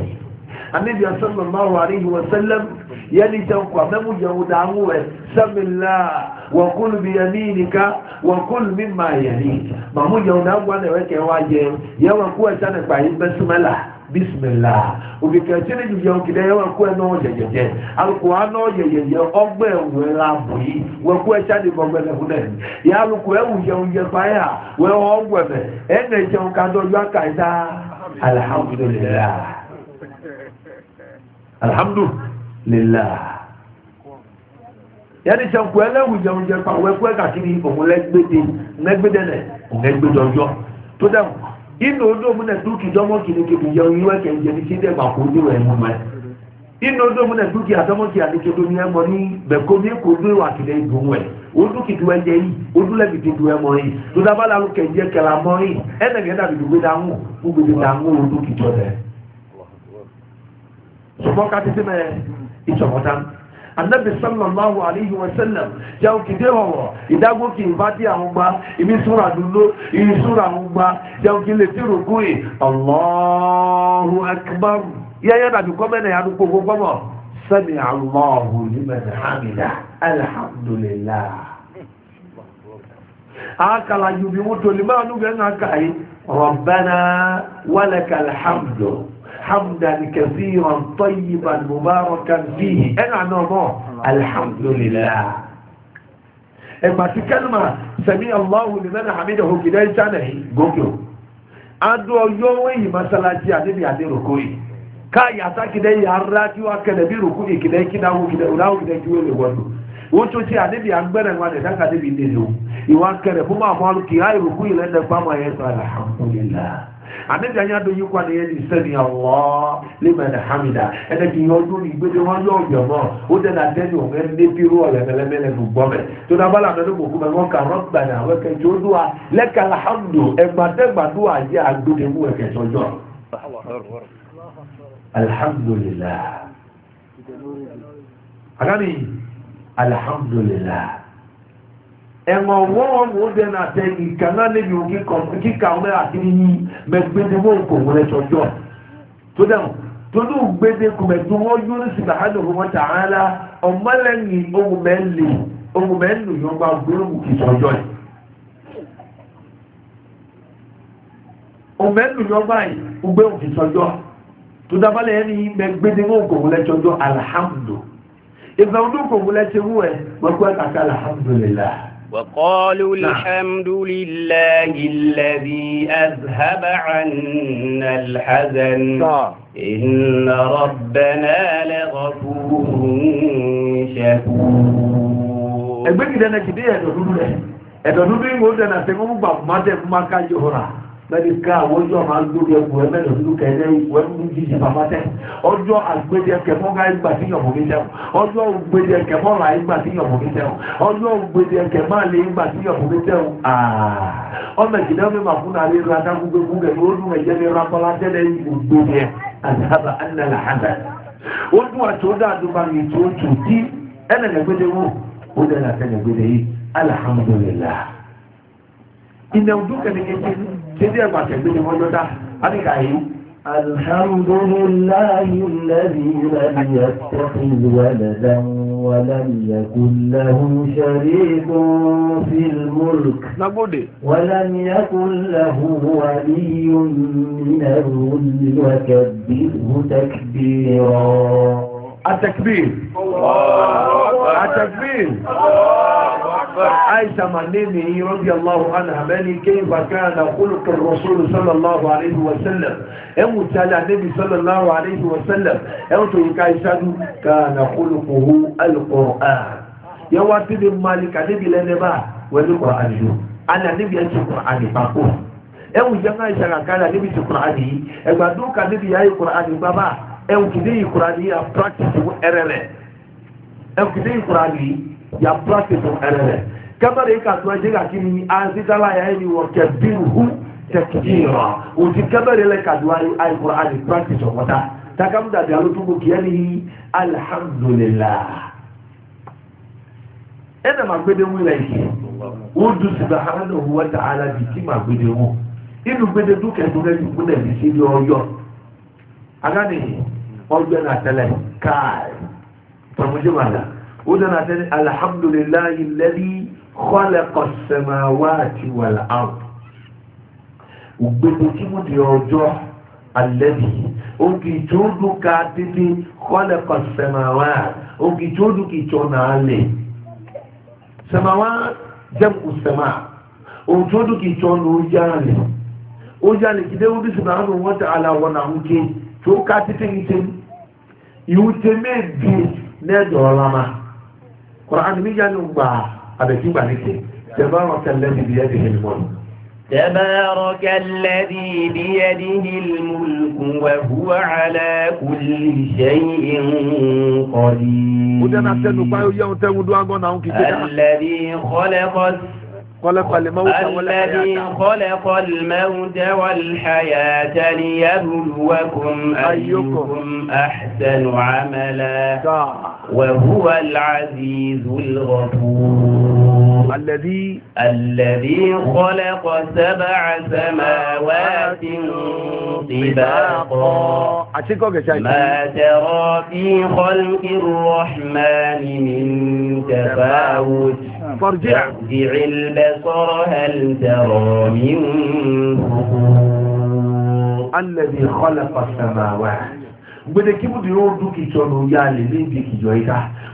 [SPEAKER 1] anabi asɔlɔ lɔha alayhi wa sallam yɛ ni jɛn kɔ mɛmu jɛn o daa ŋu sɛmila wakul biyaminika wakul mimma yaminika mamuja unaagwa na weke waje yawa kuwa sana kwa bismillah bismillah ubikachini juvya ukida yawa kuwa no jejeje alikuwa no jejeje ogbe uwe labu yi wekuwe chani mogwe na huneni ya alikuwe uje uje paya we ogwe alhamdulillah alhamdulillah yẹni sẹ́kù ẹlẹ́wùjẹ oúnjẹ pa àwọn ẹkú ẹ̀ka kiri òun lẹ́gbẹ̀dẹ lẹ́gbẹ̀dẹ̀lẹ̀ lẹ́gbẹ̀dọ̀jọ́ tó dẹ̀mù inú odó múnẹ̀ dúkì dọ́mọ́ kìíní kìíní yẹ oyún ẹ̀kẹ́ ìjẹ ní sídẹ̀ gbà kó dúró ẹ̀mú mẹ́ inú odó múnẹ̀ dúkì àtọ́mọ́kì àdékedo ní ẹmọ ní bẹ̀kọ́ ní kò dúró àtìlẹ́ ìdùn ẹ̀ odú kìtù ẹ̀jẹ̀ yìí odú lẹ́bi dídú ẹmọ yìí tó dábàá lálù kẹ̀jẹ̀ kẹlà mọ́ yìí ẹnẹ̀gẹ̀ dàbí dùgbé dáhùn gbogbo dáhùn odú kìtù ọ̀dẹ̀. sọ̀kọ́ ká títí mẹ́ ìtọ̀mọ́tán anabi sallallahu alayhi wa sallam jẹun kìdé ọ̀rọ̀ ìdágókè ìbádí àwọn gba ìmí súnra dúró ìmí súnra àwọn gba jẹun kìdé tí rògbò yìí allahu akbar yẹ́yẹ́ dàbí kọ́mẹ́nà yà dúpọ̀ gbogbo mọ̀ sami allahu liman hamida alhamdulillah akala yubi wotoli maa nu bẹ n ka kayi rabbana walakal hamdu hamdan kathiran tayyiban mubarakan fihi ẹnà náà mọ́ alhamdulillah ẹgbà tí kẹ́lùmà sami Allahu liman hamidahu gidẹ́ ìjánà yìí gòkè adó ọyọ́ wẹ́yìn masalasi àdébí àdéròkó yìí káyà sákìdẹ́ yàrá tí wọ́n kẹ́lẹ̀ bí ròkú ìkìdẹ́ kínáwó kìdẹ́ òláwó kìdẹ́ kí wọ́n lè wọ́n lò wọ́n tó ti àdébí agbẹ́rẹ̀ wọn lè dáka débi nílò ìwà kẹrẹ̀ fún bá àwọn kìí àìròkú ìlẹ́dẹ̀gbàmọ̀ yẹn sọ alhamdulillah anabi anyi ado yikwa na yeli sani allah liman hamida ɛna ti yɔ ɔdun ni gbede wɔn yɔ ɔyɔmɔ o de la dɛni o mɛ ne bi ru ɔlɛmɛlɛmɛ lɛ nu gbɔmɛ to na bala mɛ ne ko kuma wɔn ka rɔba na wɛ kɛ alhamdu ɛgbadɛgba do a yɛ agbo
[SPEAKER 2] alhamdulilah
[SPEAKER 1] alhamdulilah. ẹ̀wọ̀n wọ́n mú dé na tẹ ìkànnà níbi òkè kíkà ọmọ àti yíyí mẹgbẹdẹ wọn kò wọlé tọjọ tó dẹ̀wọ̀n tolu gbede kumẹtu wọn yóò subhanahu wa ta'ala ọmọlẹ́yìn ohun ohun gba gbólóhùn tọjọ yìí. ohun gba gbólóhùn tọjọ tó dábàlẹ̀ yẹn mẹgbẹdẹ wọn kò wọlé tọjọ alhamdu ìfẹ́ kò wọlé kàkà
[SPEAKER 2] وقالوا الحمد لله الذي أذهب عنا الحزن إن ربنا لغفور شكور
[SPEAKER 1] mẹ́rin ká àwọn ọjọ́ máa lórí ẹkù ẹ mẹ́rin ọdún kẹ́lẹ́ ìwẹ́ ń jíjì bàbá tẹ́ ọjọ́ àgbẹ̀dẹ kẹfọ́n ká ìgbà tí yọ̀mọ̀ mi tẹ́wọ̀ ọjọ́ ògbẹ̀dẹ kẹfọ́n ra ìgbà tí yọ̀mọ̀ mi tẹ́wọ̀ ọjọ́ ògbẹ̀dẹ kẹfọ́n lé ìgbà tí yọ̀mọ̀ mi tẹ́wọ̀ ọmọ ìjìdá mi máa fún àlè ra dágúgbé gúgẹ̀ ní olú ẹ̀jẹ̀ ní rákọ́lá tẹ́lẹ̀ ìgbòdìẹ àdábà ànàlà àdá ó dún àtúndà àdúgbà mi tó الحمد لله الذي
[SPEAKER 2] لم يتخذ ولدا ولم يكن له شريك في الملك ولم يكن له ولي من الرد وكبره تكبيرا التكبير التكبير
[SPEAKER 1] عائشة معنيني رضي الله عنها ماني كيف كان خلق الرسول صلى الله عليه وسلم أو تالى النبي صلى الله عليه وسلم أو تلك كان خلقه القرآن يواتي بمالك النبي لنبا والقرآن يوم أنا نبي أنت القرآن فاقوه أو جمع شغاكالا نبي القرآن أو دوكا نبي أي قرآن بابا أو كده القرآن هي practice error أو كده القرآن ya practice ẹrẹrẹ kẹbẹrẹ yìí kàtó ẹjẹ kàkí ni azidala yà ẹni wọ kẹbí hu
[SPEAKER 2] tẹkìtì rà
[SPEAKER 1] òtí kẹbẹrẹ lẹ kàdó ayé ayikọ ayé practice ọkọta takamu dàbí alótókò kìíní alihamudulilah ẹnna máa gbé déwú ilẹ̀ yìí wọ́n dùn subhanahu wa ta'ala bìí tí máa gbé déwú inú gbédé dúkẹ́dú lẹ́nu ìpínlẹ̀ bìí sí ní ọyọ́ agánìyí ọgbẹ́ nàtẹ́lẹ̀ káàì tọ̀mùjẹ́ màdà. ودنا الحمد لله الذي خلق السماوات والأرض وبدتي مديوجو الذي ukitudu katiti khalaqa samawat ukitudu kichonale samawat jamu sama utudu kichonu ujale ujale kideudi subhanahu wa ta'ala wanamke tukatiti ngitin yutemedi nedolama Kùránì níyà ló gbà àbẹ̀tí gbà nìkẹ́ tẹ̀bá wọn kẹlẹ́ níbi ẹ̀ dìhìn mọ́ni.
[SPEAKER 2] تبارك الذي بيده الملك وهو على كل شيء قدير الذي خلق خلق الموت الذي خلق الموت والحياة ليبلوكم أيكم أحسن عملا وهو العزيز الغفور الذي الذي خلق سبع سماوات طباقا ما ترى في خلق الرحمن من تفاوت فارجع ارجع البصر هل ترى من الذي خلق السماوات بدك mu
[SPEAKER 1] di o يالي لين بيك yá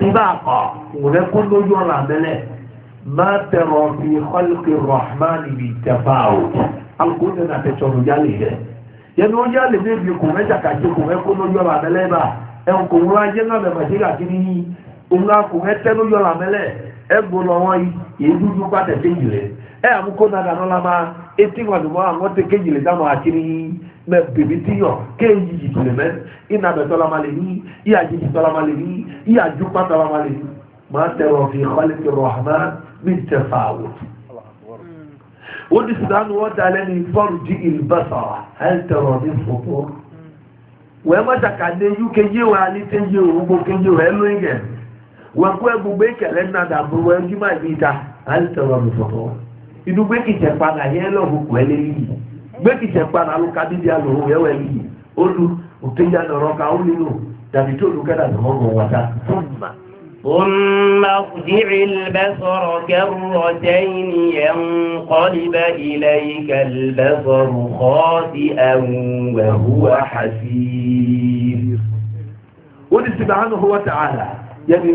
[SPEAKER 1] طباقا ولكل يوم عمله ما ترى في خلق الرحمن من تفاوت القول لنا تشعر جاله yẹnu ọjà lè fi fi kùn mẹ́ta kàṣe kùn mẹkọ lójú ọ̀rọ̀ àmẹlẹ bá ẹn kò wúrọ ajé náà bẹ màṣẹ kàkiri yìí òun náà kùn mẹtẹ lójú ọ̀rọ̀ àmẹlẹ ẹ gbọ́dọ̀ wọn yìí èyí dúdú pàtẹ kéjìlẹ ẹ àmúkọ nàdà náà la máa etí wàdùmọ àwọn tẹ kéjìlẹ dáhùn àkiri yìí mɛ bibi ti yɔ k'e yi yi tile mɛ i na bɛ tɔlama le ni i y'a jiji tɔlama le ni i y'a jukpa tɔlama le ni maa tɛ rɔ fi xɔli ti rɔhama mi tɛ fa wo. o ni sisan wɔ dalen ni fɔlu di ili ba sɔrɔ hali tɛ rɔ ni fofo. wɛ ma ta ka ne yu ke ye wa ni te ye o ko ke ye o ɛlu yi kɛ wɛ ko ebugbe kɛlɛ na da bolo wɛ juma yi ta hali tɛ rɔ ni fofo. idugbe kisɛ kpa na yɛlɛ o ko ɛlɛ yi. gbẹ́kìtẹ̀ padà ló ká dídí àlòwò yìí ó lu òkèjà lọ́rọ́ ká ó nínú tàbí tó lu kẹ́dà lọ́wọ́ mọ̀ wáta. ثم
[SPEAKER 2] ارجع البصر كرتين ينقلب إليك البصر خاسئا وهو حسير
[SPEAKER 1] ودي سبحانه وتعالى يعني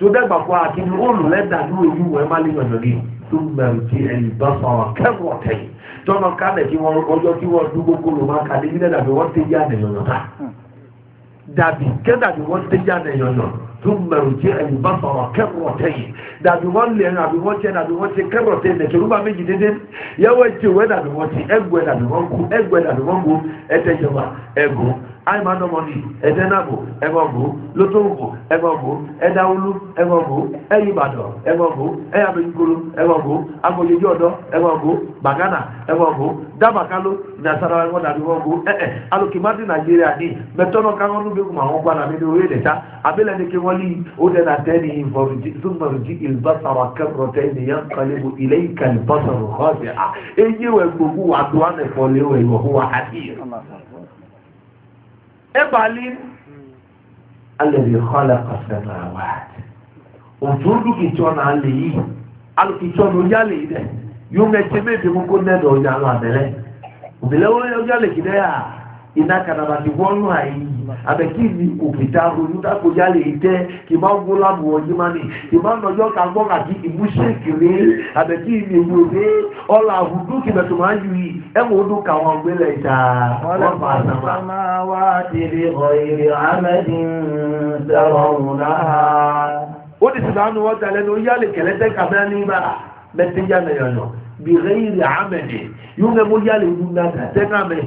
[SPEAKER 1] تدبع قواك نقول لدى نوي يوه ما لي ثم ارجع البصر كرتين tọ́nà kálẹ̀ kí wọ́n ọjọ́ kí wọ́n dún gbogbo ló máa kàlẹ́ nílẹ̀ dàbí wọ́n tẹ́jú àná yọ̀yọ̀ ká dàbí kẹ́dàbí wọ́n tẹ́jú àná yọ̀yọ̀ tó mẹ̀rù jẹ́ ẹ̀yìn bá sọ̀rọ̀ kẹ́rọ̀ tẹ́yìn dàbí wọ́n lẹ̀ dàbí wọ́n tẹ́ dàbí wọ́n tẹ́ kẹ́rọ̀ tẹ́ lẹ̀kẹ́ rúbà méjì dédé yẹ́wọ́ ẹ̀jẹ̀ wẹ́ dàbí wọ́n ti ẹ̀gbẹ́ dàbí wọ́n kú ẹ̀gbẹ́ dàbí wọ́n kú ẹ̀tẹ̀jọba ẹ̀gùn àìmọ́dọ́mọ́ni ẹ̀dẹ́nàbò ẹgbọ̀gbò lótóògbò ẹgbọ̀gbò ẹ̀dáwólú ẹgbọ̀gbò ẹ̀yìnbàdàn ẹgbọ̀gbò ẹ̀yàbẹ̀yìnkolo ẹgbọ̀gbò agbóyèjì ọ̀dọ́ ẹgbọ̀gbò bàgánà ẹgbọ̀gbò dábàkálò ìdásáró ẹgbọ̀dà ẹgbọ̀gbò ẹ̀ẹ̀ alòkèmádì nàìjíríà ní mẹtọ́nà káwọn ló gbẹ́kùn àwọn gbọ́dà mi ní orí ẹ̀dẹ̀ta abẹ́lẹ̀ ní kí wọ́n lé ó dẹ́nà tẹ́lẹ̀ ìfọ̀rùjì ìlbásàrà kẹrọ tẹ́lẹ̀ yẹn kalibu ilé ìkàlùbásàrò kọ́ọ̀sì à eyín wẹ̀ gbogbo àdúrà nẹ̀fọ́ lé wẹ̀ Ebalin alẹ́bí kọ́lá kọ̀sẹ̀mọ̀ àwọn àti òtún dúkìtọ́ náà lè yí alùpùpù ní ọjà lè yí dẹ yóò mẹ́tẹ́ mẹ́tẹ́ mú kó nẹ́ẹ̀dọ̀ ọjà lọ àbẹ̀rẹ̀ òbílẹ̀ wọlé ọjà lè kí dẹ́ yà iná kanabati wọnú àyè àbẹ̀kí ni òkèta olùdókòjá lè tẹ kì máa ń gbólá bu ọjí máa ní kì máa ń lọ́jọ́ ká gbọ́ kàkí ìmúṣẹ́kì rè àbẹ̀kí ni èyí ò dé ọ̀là àhùdú kìbẹ̀tù máa ń yù yìí ẹ̀wọ̀n ọdún
[SPEAKER 2] káwọn ọ̀gbẹ́lẹ̀ ìta wọ́n máa sàmà. máa wá tìrì ọ̀ìrì amẹ́dì ń sọ̀rọ̀ ọ̀hún náà. ó ti sì dánú wọ́n tẹ̀lé ní ó yálè
[SPEAKER 1] kẹ̀lẹ́tẹ̀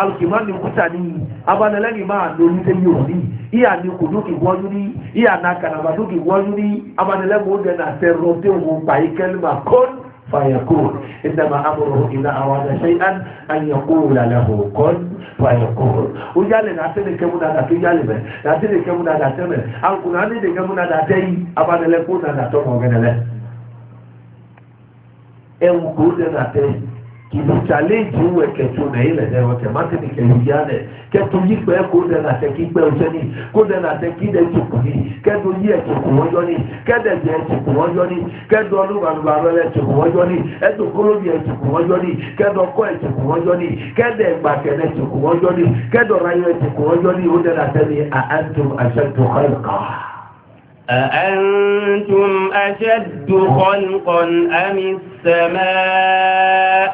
[SPEAKER 1] alùpùpù ní kúta ní abanilẹ́ni máa lórí lẹ́yìn òní ìyá ní kò lókè wọ́jú ní ìyá ní akànàbà lókè wọ́jú ní abanilẹ́ni ó dẹ̀nà àtẹ̀rọ̀ tí òun bàyí kẹ́lìmà kọ́n fàyẹ̀kùn ìdàmà amúrò ìlà àwọn àdàṣe àn àyẹ̀kùn làlẹ́hù kọ́n fàyẹ̀kùn ó yálẹ̀ láti lè kẹ́mú dada tó yálẹ̀ mẹ́ láti lè kẹ́mú dada tẹ́ mẹ́ alùpùpù ní kibutaleji uwe ketu na ile ne wote matini kelugiane ketu yikpe kode na te kikpe useni kode na te kide tukuni kedu yie tukuwojoni kede je tukuwojoni kedu olubalubarole tukuwojoni edu kolobi tukuwojoni kedu ọkọ tukuwojoni kede gbakene tukuwojoni kedu rayo tukuwojoni ode na te ni aantum ashaddu khalqa
[SPEAKER 2] أأنتم أشد خلقا أم السماء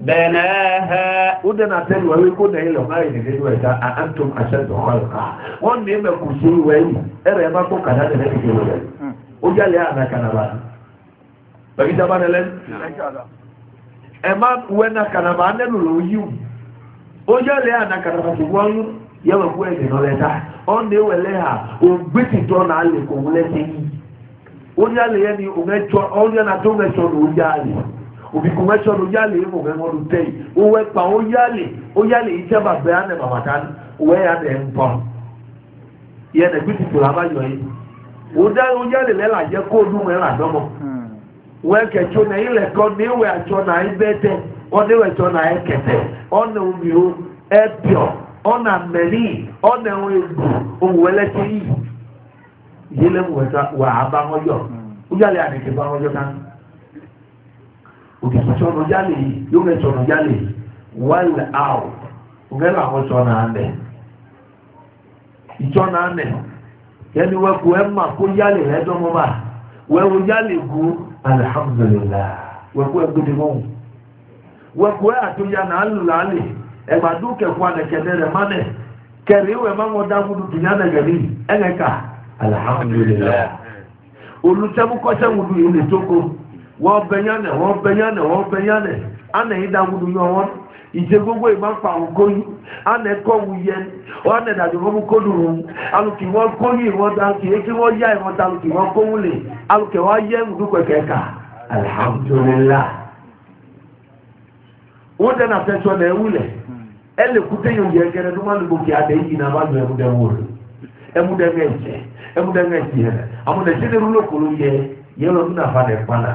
[SPEAKER 2] بناها ودنا تل وهي كنا هي لما يدي وي انتم اشد خلقا وان ني مكو شي وي
[SPEAKER 1] اري ما كو كذا ده دي وي وجال يا انا كان با بقيت بقى لن اما وانا كان ما نلو يو وجال يا انا كان با وان يا مكو اي نو لتا on ne wele ha o gbeti to na le ko wele ti o ya le ni o me cho o ya na to me cho o ya le obi commercial yale mo be mo du tei o we pa o yale o yale ije ba be ane baba tan o we ya de mpo ye na gbiti pura ba yo yi o da o yale le la je ko du mo la domo we ke cho na ile ko ni we acho na ibete o de we cho na ekete o na omi o e pio o na meri o na o egbu o wele ti yi yele mo wa aba mo yo o yale ane ke ba mo yo tan ukishaona ujali yule chona ujali wala au ungela hochona ande ichona ande yani wekuema kujali ledo mama wewe ujali ku alhamdulillah wekuwe gudi mungu wekuwe atuja na alulali egbaduke kwane kedere mane keriwe mango dagudu tinyana gani engeka alhamdulillah olusemukosemudu ile toko wọ́n bẹ̀yánẹ̀ wọ́n bẹ̀yánẹ̀ wọ́n bẹ̀yánẹ̀ ana ida wudu yọ wọn ìdè gbogbo ìgbà pa àwọn kóyí ana ẹkọ wu yẹ wọn ẹdà jọ fún kódùrú alùkì wọn kóyí wọn da kì í kí wọn yá ìwọn da wọn kó wọn yẹ na fẹsọ na ewulẹ ẹ lè kúté yòó yẹ gẹrẹ ní wọn lè gbòkè adé yìí náà wọn lè ẹmúdẹ wọlé ẹmúdẹ ń ẹjẹ ẹmúdẹ ń ẹjẹ ẹmúdẹ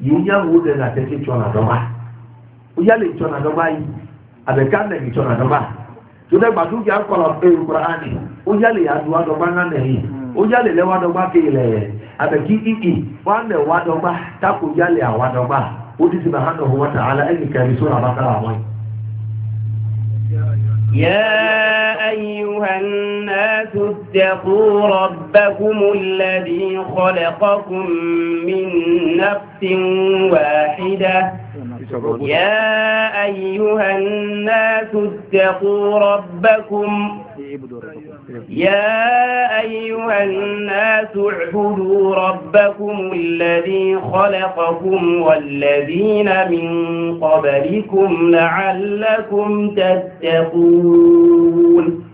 [SPEAKER 1] yòóyáwó dẹ̀ nà tẹ́tí tsɔ nà dɔgba òyàlè tsɔ nà dɔgba yi àbẹ̀ká nà yi tsɔ nà dɔgba tó dẹ̀ gbàdúrà yà kɔlɔ ee kura ani òyàlè yà do adɔgba nà nà yi òyàlè lɛ wà dɔgba ké lɛ àbẹ̀kí ìkì wà nà wà dɔgba tako òyàlè à wà dɔgba ó ti sè bàhánà òwò wà tà àlà ɛnì kàrí sóra bàtà àwọn yìí.
[SPEAKER 2] يا أيها الناس اتقوا ربكم الذي خلقكم من نفس واحدة يا أيها الناس اتقوا ربكم يا أيها الناس اعبدوا ربكم الذي خلقكم والذين من قبلكم لعلكم تتقون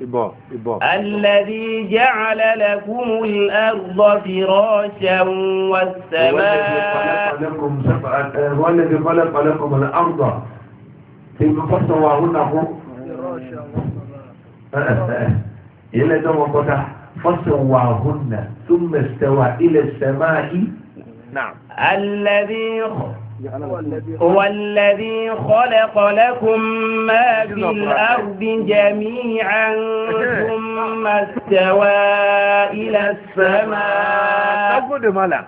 [SPEAKER 2] الذي جعل لكم الأرض فراشا والسماء والذي خلق
[SPEAKER 1] لكم الأرض
[SPEAKER 2] ثم فسواهن
[SPEAKER 1] فراشا ilẹ̀ tó wọn kọta fasawwahunna thumma istawa ila as-samaa'i.
[SPEAKER 2] Alladhi هو الذي خلق لكم ما في الأرض جميعا ثم استوى إلى السماء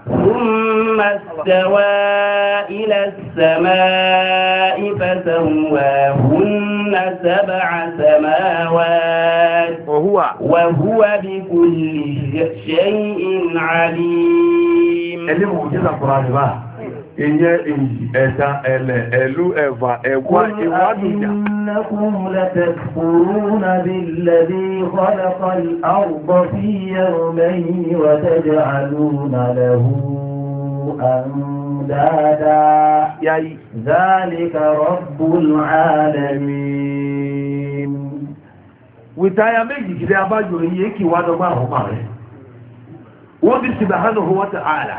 [SPEAKER 2] ثم استوى إلى السماء فسواهن سبع سماوات وهو وهو بكل شيء عليم. القرآن Iye èyí,
[SPEAKER 1] ẹ̀dá, ẹ̀lẹ̀, ẹ̀lú, ẹ̀wà, ẹ̀wà, ìwádùjá.
[SPEAKER 2] Ìnákùn lẹ́tẹ̀ fòrún náà bí lẹ́bí kọ́lẹ̀kọ́ àrùgbọ́ sí ẹ̀rùn lẹ́yìn wàtẹ́jẹ́ àlúùnà lẹ́hùn. أندادا ذلك رب العالمين
[SPEAKER 1] wìtáyà méjì kìdí abájò yìí kí wà lọ́gbà ọmọ rẹ̀ wọ́n ti sì bàhánà wọ́n ti ààlà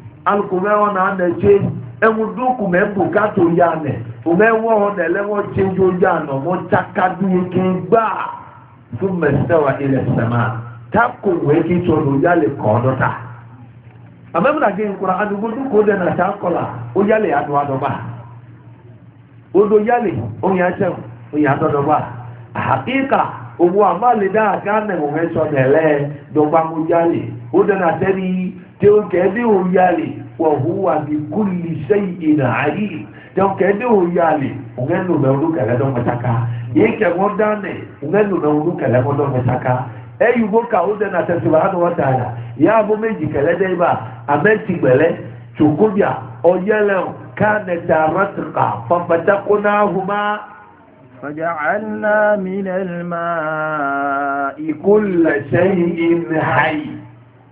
[SPEAKER 1] alụkụmeọ na-anache anetse enwudu kume bukata yane umewo na elewo chenji oyi anọ mụchakadike gbaa fumestewa ilesema tapko wee ke ịchọ na oyale ka ọ dọta amemna gị nkwara ba. ka ode na chakọla oyale adụ adọba odo yale onye achem onye adọdọba hakika owó amálẹ̀dá àgánà òun ẹ̀sọ́ nẹ̀lẹ́ dọ̀gbàmójálè ó dẹ́nà sẹ́ni tẹ́wọ́n kẹ́ẹ́dẹ́ ò yálè wọ̀húwà bí kúlì sẹ́yìn ìnà ayé tẹ́wọ́n kẹ́ẹ́dẹ́ ò yálè ńgẹ́nu mẹ́ ọdún kẹlẹ́ dọ́ mẹ́taka yìí kẹ́wọ́n dánẹ̀ ńgẹ́nu mẹ́ ọdún kẹlẹ́ dọ́ mẹ́taka ẹ̀yìn bó ka ó dẹ́nà tẹ̀síwá hàn wọ́n ta yà yà bó méjì kẹlẹ́ dẹ́ ibà amẹ́tì gbẹ̀lẹ́ tòkóbíà ọ̀yẹ́lẹ̀ kánẹ̀tà
[SPEAKER 2] rẹ́tìkà fàfàtàkùnáhùmá. فجعلنا من الماء كل شيء حي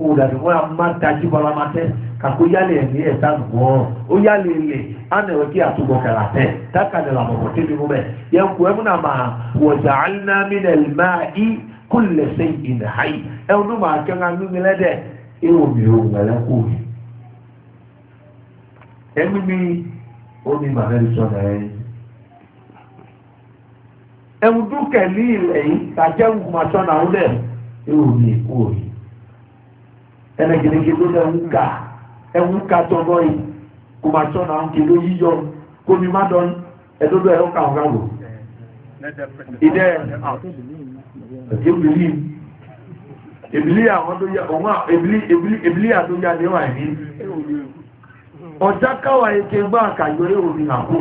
[SPEAKER 1] òwúrọ̀dì wọn a máa dájú bọ́lá máa tẹ́ kàkó yálẹ̀ ní ẹ̀ta gbọ́n ó yálẹ̀ lè ánàwó kí àtúbọ̀ kàrà tẹ̀ la bọ̀bọ̀ tí mi mú bẹ́ẹ̀ yẹn kú ẹ̀mú náà máa wọ̀jà alinamina ẹ̀lmá i hayi mi o wẹ̀lẹ́ mi. mi ka na mi ẹnẹgẹdẹgẹ tó lẹ ń ka ẹwù ka tọgbọ yìí kò máa tọ́ náà kí ló yíyọ kó mi má dán ẹdọdọ ẹ̀rọ kà ọ̀gá wò. ìdẹ ebili ebili àwọn tó yẹ òun ebili ebili ebili àtó yá ni wà ní. ọjà káwa eke gbọ́ àkàyọ èrò mi nà kú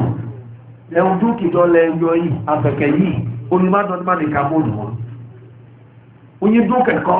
[SPEAKER 1] ẹ̀hún tó kìtọ́ lẹ yọ yìí afẹ̀kẹ́ yìí omi má ní má mọ́ òdùnmọ́. onye dún kẹ̀kọ́.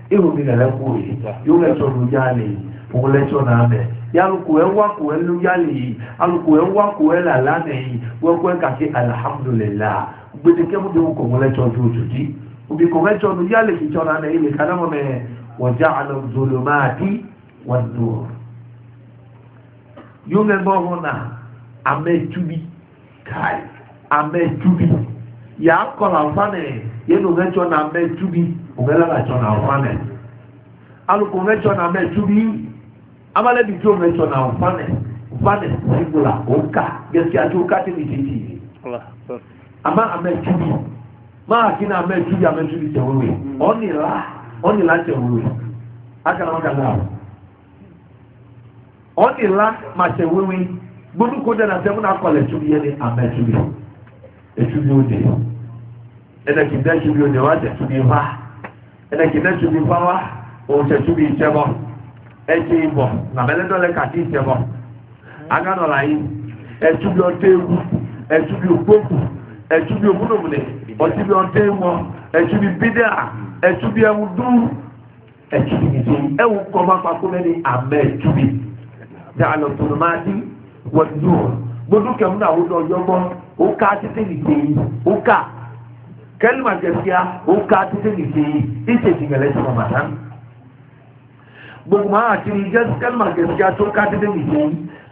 [SPEAKER 1] ihu bi na ɛku yi yóò lẹtọ lu yálẹ yìí òun lẹtọ n'amẹ yálùkù ẹ wá kù ẹ lu yálẹ yìí alùkù ẹ wá kù ẹ làlá nẹ yìí wọ́n kú ẹ kàkí alihamudulilayi gbedeke mu de ko ŋun lẹtọ ju ojú di obi ko lẹtọ lu yálẹ yìí tọ n'amẹ yìí kana mọ mẹ wọjá alọ zolomaadi wọn nù yóò lẹ bọ ọhún na tubi káyì amẹ tubi. ya kɔla fane ya na tsɔ na mɛ tubi ŋɛ la la tsɔ na fane aluko ŋɛ na mɛ tubi amalɛ bi tso ŋɛ na fane fane sibula o ka gɛsia tso ka te ni titi ama amɛ tubi maa ki na amɛ tubi amɛ tubi tɛ wewe ɔni la ɔni la tɛ wewe akana waka na o ɔni la ma tɛ wewe gbonuko dɛ na sɛ mo na kɔlɛ tubi ya na amɛ tubi etubi o de. ẹnẹkìdẹ́ ṣubí oníwà tẹ̀túbí wá ẹnẹkìdẹ́ ṣubí fáwá echubi tẹ̀túbí ìtẹ́bọ̀ ẹtì ìbọ̀ nàbẹ́lẹ́dọ́lẹ̀ Aga ìtẹ́bọ̀ agánọ̀lá yìí ẹtúbí ọtẹ́ ewu ẹtúbí òkpókù ẹtúbí òmùnòmùnè ọtúbí ọtẹ́ ewọ ẹtúbí bídà ẹtúbí ẹwù dúró ẹtúbí nìjẹ ẹwù kalmar gaskiya ko ka ta take ke yi ita ce galai ta matan gbogbo a ti gas kalmar gaskiya to ka ta take ke yi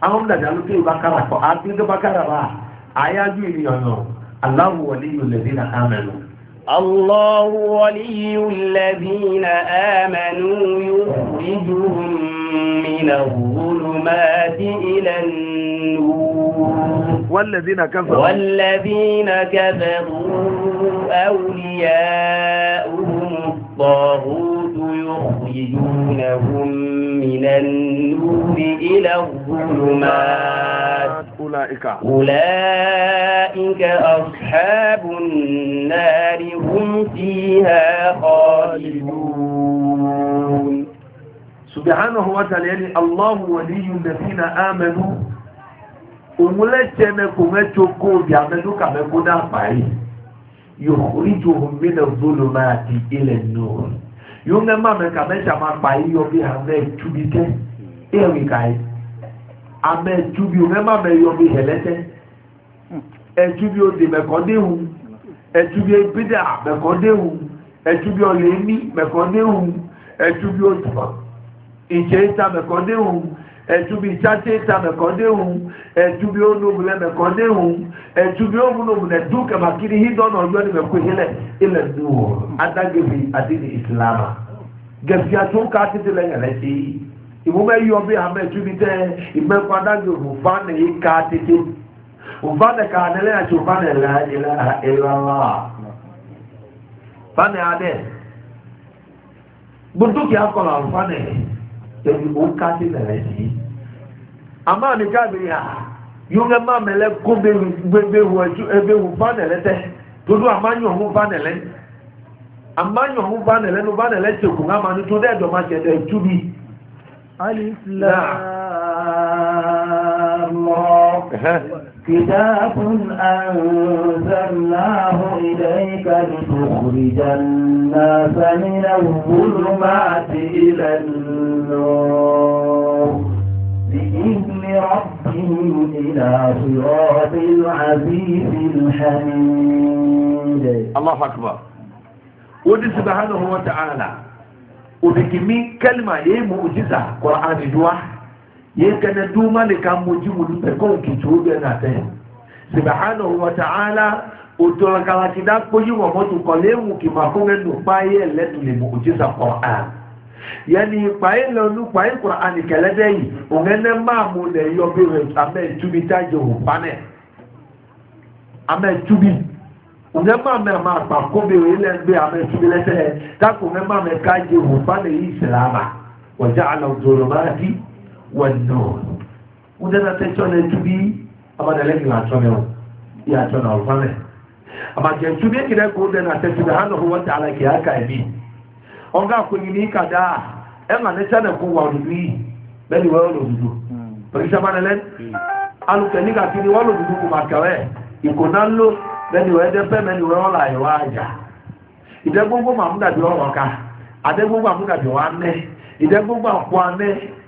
[SPEAKER 1] an da da lukai bakara ko a ti bakara ba a ya ju ni yono Allahu
[SPEAKER 2] waliyul ladina amanu الله ولي الذين آمنوا يخرجهم من الظلمات إلى النور والذين كفروا والذين كفروا أولياؤهم الطاغوت يخرجونهم من النور إلى الظلمات أولئك أولئك أصحاب النار هم فيها خالدون subhanahu wa ta'ala yani Allahu waliyul ladina
[SPEAKER 1] amanu òun lẹ́tẹ̀ mẹ́kò mẹ́tò kó bí amẹ́dúkà mẹ́kò náà parí yukhrijuhum mina zulumati ila nur yóò ń má mẹ́ka mẹ́ta máa parí yọ bí amẹ́túbi tẹ́ ẹ̀rí káyé amẹ́túbi òun má mẹ́ yọ bí hẹ̀lẹ́tẹ́ ẹ̀túbi òde mẹ́kọ́déhùn ẹ̀túbi ìbídà mẹ́kọ́déhùn ẹ̀túbi ọ̀lẹ́mí mẹ́kọ́déhùn ẹ̀túbi òtùmọ̀ ìtsẹ́ ìtàmẹ̀kọ́déhùn ẹ̀túbi ìtsátse ìtàmẹ̀kọ́déhùn ẹ̀túbi onóbulẹ̀mẹ̀kọ́déhùn ẹ̀túbi onóbulẹ̀ dú kàmákiri hídọ́nà ọ̀gbẹ́nìmẹ̀kọ́ ilẹ̀ ilẹ̀ dùwọ̀ adágẹ́bi àdínì ìsìlámà gẹ̀fìyà tó ká títí lẹ́yìn rẹ̀ sí ìmúmẹ́ yọ bí amẹ́ ẹ̀túbi tẹ́ ìmẹ́kọ́ adágẹ́bi òfánà yìí ká títí òfánà ká nílẹ̀ àti òfánà ìlàlá fánà adẹ́ gbọ́dọ̀ kí akọ̀lọ̀ àlùfánà yìí ẹ̀dùnmọ̀ káàkiri nàrà sí i àmọ́ àmì káàkiri à yóò ń má mẹ́lẹ́ kó gbégbéwu ẹ̀jú ẹgbéwu bánẹ̀lẹ́ tẹ́ tódú àmáyọ̀hún bánẹ̀lẹ́ àmáyọ̀hún bánẹ̀lẹ́ nu bánẹ̀lẹ́ tẹ̀kù ńlá máa ní tó dẹ́ẹ̀dọ̀ máa jẹ̀dẹ̀ ẹ̀jú mi. alif lam
[SPEAKER 2] كتاب أنزلناه إليك لتخرج الناس من الظلمات إلى النور بإذن ربهم إلى صراط العزيز الحميد الله أكبر ودي سبحانه وتعالى
[SPEAKER 1] وبكمية كلمة مؤجزة قرآن جواح yenkana duma le ka moji mulu pe ko ki to be na te subhanahu wa ta'ala utola kala ti da poji wa mo tun ko le mu ki ma ko ndu pa ye le du le mu ji sa qur'an yani pa ye le nu pa ye qur'an ke le de yi o ngene ma mu le yo be re ame tubi ta je o pa ne ame tubi o ngene ma me ma pa ko be re le be ame tubi le te ta ko ngene ma me ka je o pa ne islama wa ja'ala dhulumati والنور ودنا تشون تبي أما دلني لا تشون يا تشون الفلة أما جنتبي كده كودنا تشون سبحانه وتعالى كيا كأبي أنغا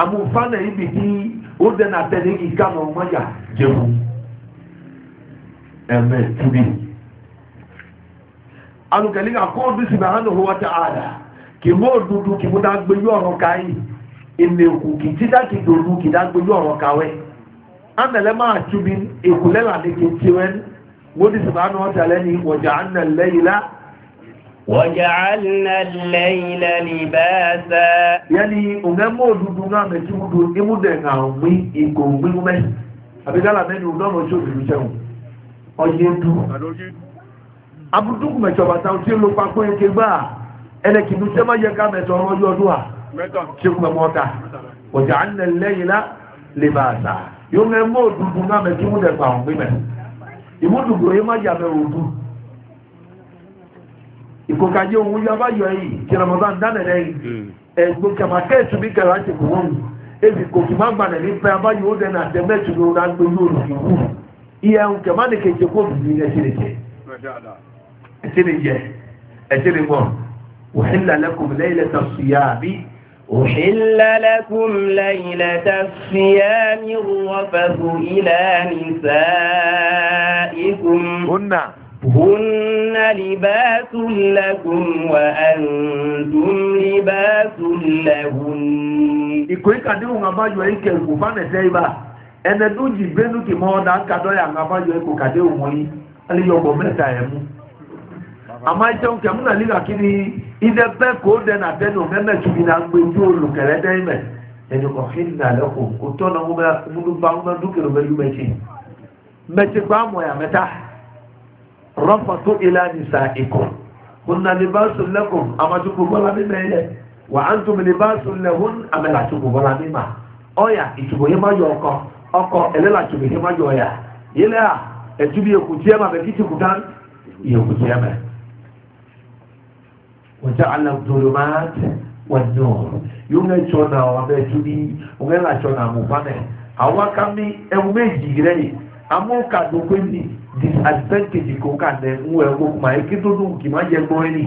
[SPEAKER 1] amúfá náà ibi tí ó dẹ́nà tẹ́lẹ̀ ìka náà mọ́yà jẹun ẹ̀mẹ́ túbí alùkẹ́lẹ́ kà kó dùn sí bàá náà wọ́n ti àdá kì mọ́ òdúdú kì mú dá gbé yọ̀ ọ̀rọ̀ káyì ilé òkú kì títà kì dòdú kì dá gbé ọ̀rọ̀ káwẹ́ anàlẹ́ máa túbí èkúlẹ́ làdé kì tiwẹ́ wọ́n ti sì bàá náà wọ́n àlẹ́ ní
[SPEAKER 2] wọ̀jà anàlẹ́ yìí lá wọ́jàálínà lẹ́yìnlẹ́ libáṣá. yẹ́nì ògẹ́mọ́ òdúdú náà mẹ́tí múdú imúdẹ̀ àwí ìgò
[SPEAKER 1] gbígbẹ́ àbígálà mẹ́ni ọdọ́nà oṣù òdúdú sẹ́wọ̀n ọjẹ́ dú. abúdúkù mẹ́tọ̀ bàtà tí ó ló papọ̀ ẹ̀kẹ́ gbà ẹlẹ́kìnú tẹ́ máa yẹ ká mẹ́tọ̀ ọjọ́ ọdún à ṣékùn ẹ̀mọ́ ọ̀tà wọ́jàálínà lẹ́yìnlá libáṣá. yóò ìkọkàjẹ́ òun yaba yọ yìí tí Ramadan dánilẹ̀ yìí hmm. ẹ̀gbọ́ kẹmàkẹ́ẹ̀tù bí kẹrà ti kù wọ́n ebi kòkì má gbalẹ̀ ní pẹ́ abáyọ̀ ó dẹ́nu àtẹ̀mẹ́tù ló ra gbé yóò lùkì wù ìyá ń kẹmà ní kó bìbí ẹsẹ̀ lè jẹ ẹsẹ̀ lè mọ̀ wàhálà lẹ́kùn lẹ́yìn lẹ́ta sùyà
[SPEAKER 2] àbí. أحل لكم ليلة الصيام الرفث إلى نسائكم هن هن لباس لكم وأنتم لباس لهن إكوي كديو غما يو إنكل كوفان سيبا
[SPEAKER 1] أنا دوجي بينو كي مودا كدو يا غما يو إكو كديو مولي ألي يو بومتا يمو àmọ́ ẹjọ́ ń kẹ́ mú nà lílà kí ni ilé bẹ́ẹ̀ kó dẹ̀ nà bẹ́ẹ̀ nù mẹ́mẹ́ tù mí nà ń gbé ju olùkẹ́lẹ́ dẹ́ mẹ́ ẹni rọ́pọ̀tò ilá nìsa ikọ̀ kunna libaasu lakum amatuku bọ́lá mímẹ́ yẹ wà á tún libaasu lahun amẹ́làtuku bọ́lá ọkọ ọkọ ya yẹn má yọ ọ̀yà yẹlẹ́ à ẹ̀túbi èkútí ẹ̀ má bẹ̀ kìtì kúta èkútí ẹ̀ mẹ́. na la na awa disadvantage kò kà lẹ ń wẹ okùnmá eke dúdú kì má jẹ gbọ́ ẹ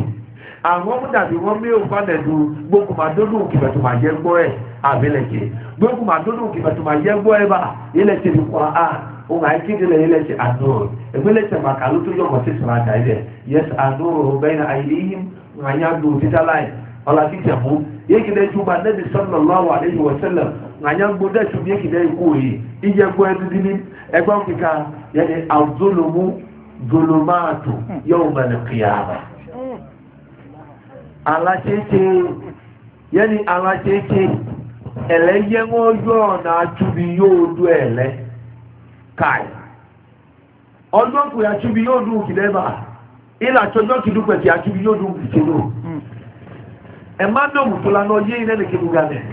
[SPEAKER 1] àwọn mú dàbí wọn mí ò bá lẹ du gbókùnmá dúdú kì bẹ̀tù má jẹ gbọ́ ẹ àbílẹ̀kẹ̀ gbókùnmá dúdú kì bẹ̀tù má jẹ gbọ́ ẹ bá ilẹ̀kẹ̀ ní kura a òun àyè kéde lẹ ilẹ̀kẹ̀ àdó ìgbélẹ̀kẹ̀ màkà ló tó yọ ọmọ sísun àjà ilẹ̀ yẹs àdó bẹ́ẹ̀ ni yìí wọn yà dùn títà láì ọ̀là títẹ̀ mú yéèkì lẹ́jú bá nẹ́bi sọ́nà lọ́wọ́ àlejò wọ̀ nanya mbode sumie kide ikuyi iji ekwe edidini ekwe mkika yani azulumu zulumatu yawma ni kiyama ala cheche yani ala cheche ele yengo yo na achubi yo du ele kai ọjọ́ kò yà tún bí yóò dùn kì lẹ́bà ilà tọjọ́ kì dùn pẹ̀tì yà tún bí yóò dùn kì tẹ̀lé o ẹ̀ má dùn kò lànà yé ilé nìkejì ga bẹ̀rẹ̀.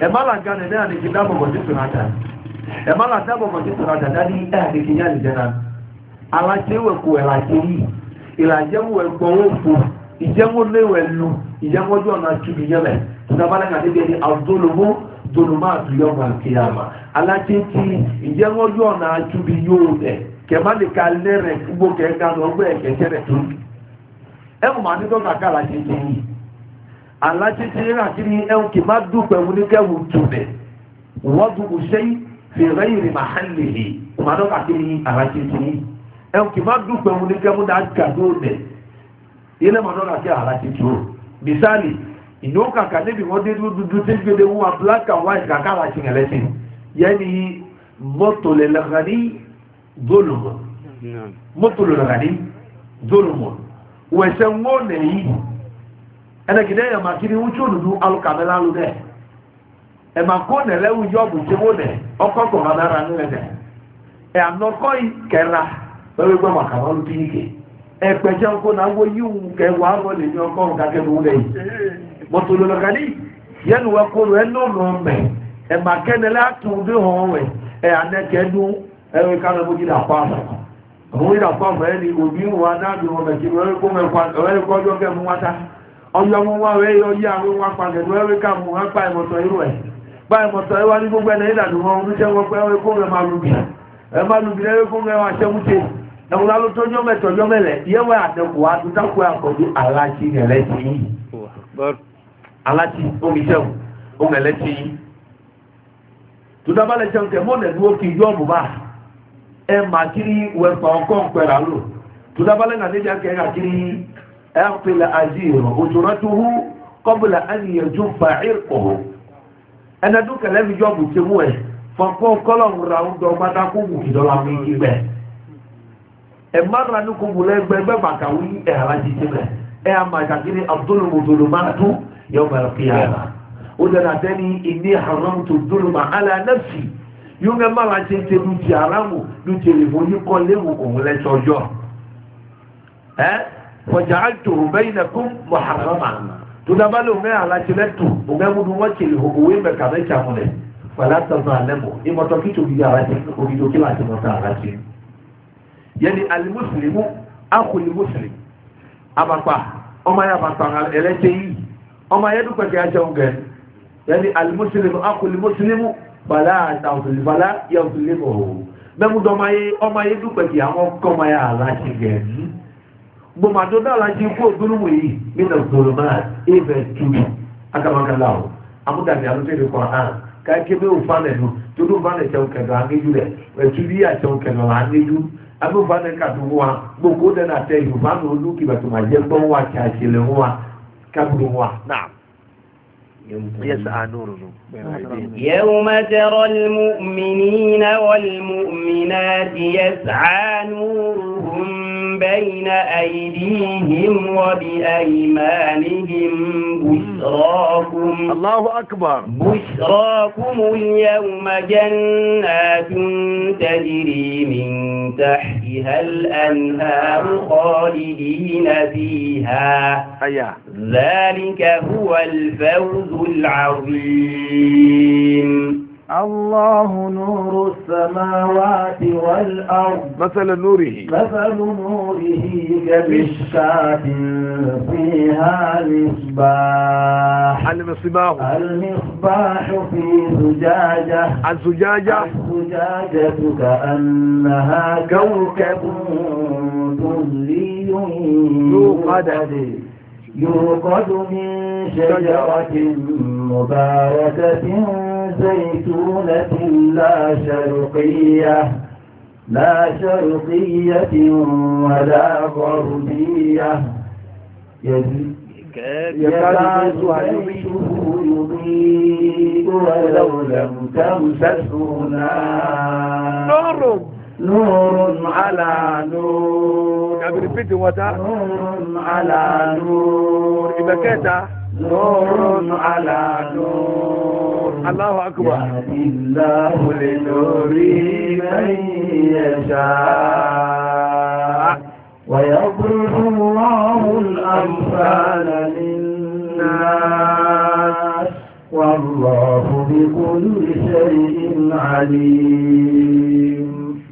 [SPEAKER 1] emala gane ne ani kitabu kwa jitu nata emala tabu kwa jitu nata dadi ita kinyani jana alachewe kuela chiri ilajewe kwa ofu ijengo lewe lu ijengo jo na kibinyele tunabala ngati bi abdulumu dulumatu yawm alqiyama alacheti ijengo jo na kibinyole kemali kalere kubo kega no gbe kekere tu emu manito kakala chiri aláṣẹ́ṣẹ́ ràkiri ẹnkì má dúpẹ́ wọn ní kẹwù túnbẹ̀ wọ́n dùn òṣè fèrè ìrìn màhálìlì ọmọdé kàkiri aláṣẹ́ṣẹ́ ẹnkì má dúpẹ́ wọn ní kẹwù náà gàdó dẹ̀ ilé mọ̀nà ràkiri aláṣẹ́ṣẹ́ misali ìyó kàkà níbi wọn dé dúdú tí gbèdé wọn a black and white kàkà aláṣẹ́ ẹlẹ́sìn yẹ́nì mọ́tòlélẹ́gàdì dólùmọ̀ mọ́tòlélẹ́gàdì dólùmọ̀ wẹ̀sẹ̀ ń wọ́n nẹ̀yìn ẹnẹgidẹ yẹn ma kiri wútsọ dudu alukamẹ la lu dẹ ẹma kó nẹ lẹ wúdzi ọbù tí wó dẹ ọkọ kọ ma nara nu lẹ dẹ ẹ anọkọ yi kẹra bẹẹ gbẹ ma kaba lu tìyí ké ẹgbẹdze ńkọ na wọ yiwu kẹ wà lọ lè ní ọkọ nǹkan kẹ wú dẹ yìí mọtòló lọkàlí yẹnu wẹ kó lọ ẹnu lọ mẹ ẹma kẹnẹ lẹ atu bi hàn wẹ ẹ anẹkẹ du ẹwẹ ọyọ wọn wá wẹ́ yọ yí àwọn wá ka ní ẹ̀rí ká mú wọn pa ìmọ̀tọ̀ irú ẹ̀ gba ìmọ̀tọ̀ ẹwà ní gbogbo ẹ̀nà ìdàdù wọn ń jẹ́ wọn pé ẹwẹ́ kó rẹ̀ máa lùbì ẹ máa lùbì ẹwẹ́ kó rẹ̀ wá ṣẹ́múṣe ẹ̀wọ̀n lálọ́ tó yọ yẹ́wọ́ àdẹ́kù aláṣí ẹ̀pìlà àjíìrò òjòrọ́túhú kọ́bùlà àníyànjú fà ìrkọ̀ọ́ ẹnẹdún kẹlẹ́mi jọ́bù ti mú ẹ̀ fọ́nkọ́ kọ́lọ̀mù ra ń dọ́ gbádá kó wù kí dọ́là mi yí bẹ́ẹ̀ ẹ̀ má ra ní kó wù lẹ́gbẹ́ ẹgbẹ́ bàkà ẹ̀ ara ti ti bẹ́ẹ̀ ẹ̀ á máa kàkiri abdulmudulu máa tún yọ bẹ̀rẹ̀ fi ara ó dẹ̀nà tẹ́ni ìní haram dúró waja'altuhu bainakum muharrama tudabalo ngai alachiletu ngai mudu wachili hukuwimbe kamecha mune wala tazalemu imoto kitu bijarati ubidu kila kimota alati yani almuslimu akhu almuslim abapa ọmọ ya bàtà ẹlẹ́tẹ̀ yìí ọmọ ya dúpẹ̀ kí a jẹun gẹ̀ yani almuslimu akhu almuslimu bala àtàwùsùlì bala yàwùsùlì mọ̀ ọ́ mẹ́mú dọ́mọ yé ọmọ ya dúpẹ̀ kí àwọn kọ́mọ ya aláṣẹ gẹ̀ gbọmọdún náà láti kú òdúrúmù yìí nínú ìgbòròmọ́ ibẹ̀ tubi agamagaláwo amúdàbí alóṣèlú kọ̀ọ̀hán káàkiri bẹ́ẹ̀ òfà nẹ̀nu tóbi òfà nẹ̀ tẹ̀wọ̀n kẹ̀dọ̀ àníjú rẹ̀ ẹ̀túbí àtẹ̀wọ̀n kẹ̀dọ̀ àníjú abẹ́òfà nẹ̀ kàdúgbò wa gbogbo dẹ́nà àtẹ yorùbá nù ọdún kìbà tó máa jẹ́ gbọ́n wa kí àṣẹlẹ̀ wa kábùrù wa.
[SPEAKER 2] يوم ترى المؤمنين والمؤمنات يسعى نورهم لهم بين أيديهم وبأيمانهم بشراكم الله أكبر بشراكم اليوم جنات تجري من تحتها الأنهار خالدين فيها أيوة. ذلك هو الفوز العظيم الله نور السماوات والأرض مثل نوره مثل نوره كمشكاة فيها مصباح المصباح المصباح في زجاجة الزجاجة الزجاجة كأنها كوكب ذلي يوقد يوقد من شجرة مباركة زيتونة لا شرقية لا شرقية ولا غربية يكاد يعيشه يضيء ولو لم تمسسه نار نور على نور عم ريبيت وتا نور على نور يبقى كده نور
[SPEAKER 1] على نور الله اكبر الله لنوره من
[SPEAKER 2] يشاء ويضرب الله الامثال للناس والله بكل شيء عليم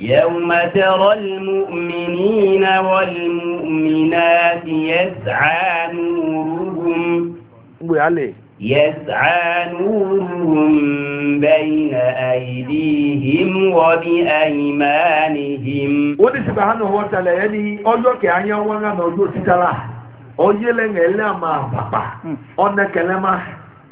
[SPEAKER 2] يوم ترى المؤمنين والمؤمنات يسعى نورهم يسعى نورهم بين أيديهم وبأيمانهم ودي سبحانه وتعالى يعني أجوك يعني أولا
[SPEAKER 1] نوجو ستلا أجيلن إلاما بابا أنا كلمة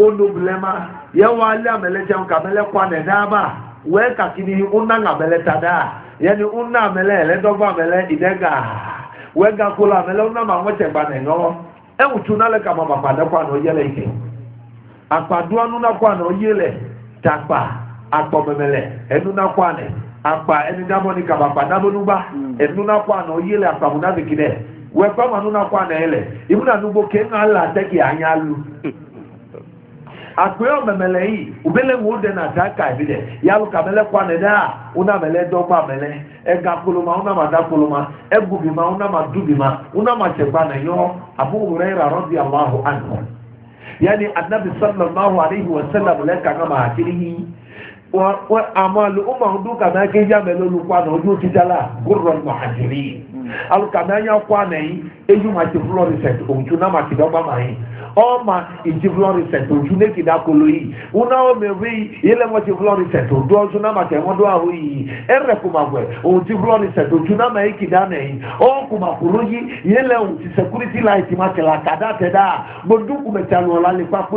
[SPEAKER 1] أنوب لما يوالي أملجم كملك وانا دابا weka kini una ngamele tada yani una mele le dogba mele idega wega kula mele una ma ngoche bane no e utuna le kama mapada kwa no yele ike akpadua nuna kwa no yele takpa akpo memele enuna kwa ne akpa enidabo ni kama padabo nuba enuna kwa no yele akpa munazikine wekwa manuna kwa ne ele ibuna nubo kenga la teki anyalu akpɛyɔ mɛmɛlɛ yi ubele wo de na ta ka bi dɛ yalu kamɛlɛ kɔ anɛ dɛ a una mɛlɛ dɔ kɔ amɛlɛ ɛga koloma una ma da koloma ɛgubi ma una ma dubi ma una ma tɛ gba nɛ yɔ abu hurayra rɔbi alahu anhu yanni anabi sallallahu alayhi wa sallam lɛ kanga ma hakili yi wa wa amalu uma du kana ke ya mɛlɛ olu kɔ anɛ ojú ti dala gurran muhajiri hmm. alu kana ya kɔ anɛ yi eju ma ti florissant òun tún náà ma ti dɔgba ma yi. ọma ìjìbìlọ́rì sẹ̀tò ojú lẹ́kì dákolo yìí wọn náà wọ́n mẹ̀rí yẹlẹ̀ wọ́n jìbìlọ́rì sẹ̀tò ojú ọjọ́ náà màtẹ̀ wọ́n dọ́ àwọn yìí ẹ̀rẹ̀ kùmàgbẹ̀ òun jìbìlọ́rì sẹ̀tò ojú náà mẹ̀rí kìdá nẹ̀yìn ọ̀hún kùmàkùrọ̀ yìí yẹlẹ̀ òun ti sẹkúrítì láìsí màtẹ̀lá kàdá tẹ̀dá gbọdúkùmẹ̀tẹ̀ àlùwọ̀lá ní pápó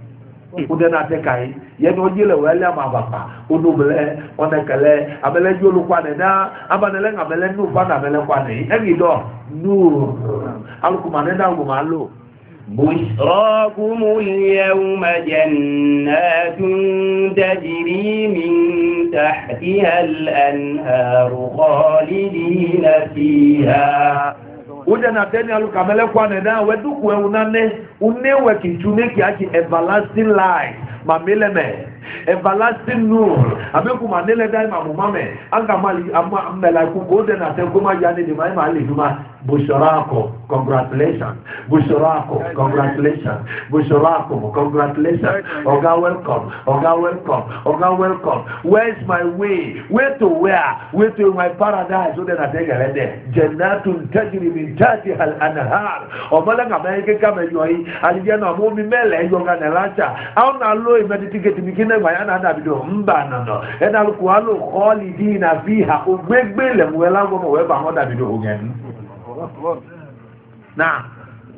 [SPEAKER 1] kude na te kai ye no jile wele ma baba onu bele one kele amele jolu na abanele ngamele nu pa na mele kwa ne e gi do nur
[SPEAKER 2] alukuma lo بشراكم اليوم جنات تجري من تحتها الأنهار خالدين فيها wode na deni alu kamele
[SPEAKER 1] kwa ne da we duku e unane une we everlasting life mamile everlasting nur abeku ma ne leda ma mu anga mali amma mela ku ko de na te ko ma yani ni mai congratulations busharako congratulations busharako congratulations oga welcome oga welcome oga welcome where's my way where to where where to my paradise o de na te gele de jannatun tajri min tahtiha al anhar o mala ka me ke ka me yoyi ali jana mo mi mele yo ga na lacha au na lo imedi tiketi mi nígbà yá náà dàbí dò ń bà nànà ẹ̀dá lóko wà ló kọ́ọ̀lì dí iná fi hà kó gbégbé lẹ̀mùwẹ́ lágbọ́mọ̀ wẹ́ bà wọ́n dàbí dò ògẹ̀
[SPEAKER 2] náà.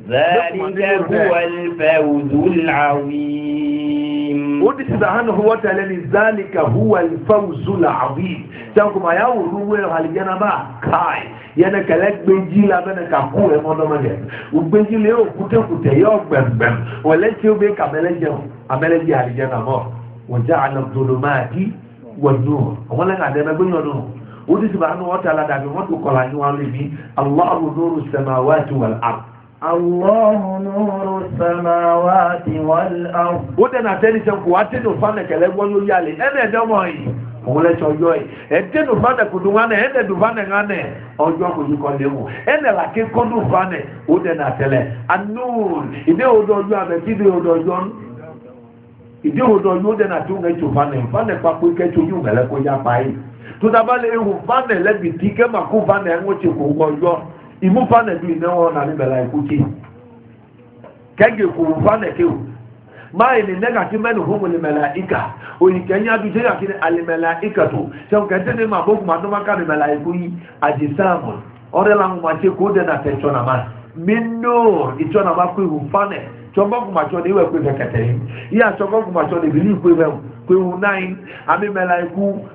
[SPEAKER 2] ذلك هو الفوز العظيم
[SPEAKER 1] ودي سبحانه وتعالى ذلك هو الفوز العظيم تنكما يا ورو الجنة با كاي yana kala gbeji la bena ka ku e mono mane u gbeji le o kute kute yo gbem gbem wala ti o be ka mele je amele je alijana mo waja'ala adh-dhulumati wan-nur àwọn lẹ́ka àti ẹgbẹ́ gbẹ́yìn ọdún ó ti sìbà ánú ọ̀tá aládàbí wọ́n tó kọ̀lá ní wọn lè ní Allahu nuru as-samawati wal-ard. Allahu nuru as-samawati wal-ard. ó dẹ̀ nà tẹ́lẹ̀ sẹ́kù wá tẹ́lẹ̀ òfàànà kẹlẹ́ gbọ́ yóò yálé ẹ̀ òun lẹ́sọ̀ ọjọ́ ẹ̀ ẹ̀dẹ́ nùfànẹ̀ kò dùnwánẹ̀ ẹ̀dẹ́ dùnfànẹ̀ ńánẹ̀ ọjọ́ kò yí kọ́lé ẹ̀dẹ́ làkè kọ́ dùnfànẹ̀ ó dẹ̀ nà tẹ́lẹ̀ anúùn ìdẹ́ òdò ọjọ́ àbẹ̀tí ìdẹ́ òdò ọjọ́ ìdí òdo yóò dẹ̀ nàti òun ẹ̀jọ̀ vanẹ̀ vanẹ̀ kpakpo kẹ́tù yóò mẹ́lẹ́ kó yá báyìí tutaba lè ewu vanẹ̀ lẹ́bi ti kẹ́mà kó vanẹ̀ ẹ̀wọ̀n ti kò wọ́ yọ ìmú vanẹ̀ bi iná wọn nàní bẹ̀rẹ̀ ẹ̀kú ti kẹ́gẹ̀ kò vanẹ̀ ké o máa yìí nẹ́gà tí mẹ́nu hómo lè mẹ́lẹ̀ ìkà òyìn kẹ́yìn adu tí yà kí ni alimẹ́lẹ̀ ìkà tó sẹ́wọ̀n kẹ́tẹ́ ní ma bó kuma dọ́mà ká ni mẹ́lẹ̀ ẹ̀kú yìí àti sáàmù ọ̀rẹ́ làwọn ma ṣe kó dẹ̀ tẹ̀ tsọ́nà ma mí nù ìtsọ́nà ma kó ìwù fanẹ̀ chɔnkɔ kumatsɔ de iwɛ kpe fɛ kɛtɛ yi ni chɔnkɔ kumatsɔ de bili kpe fɛ kpe wu nayi ami mɛla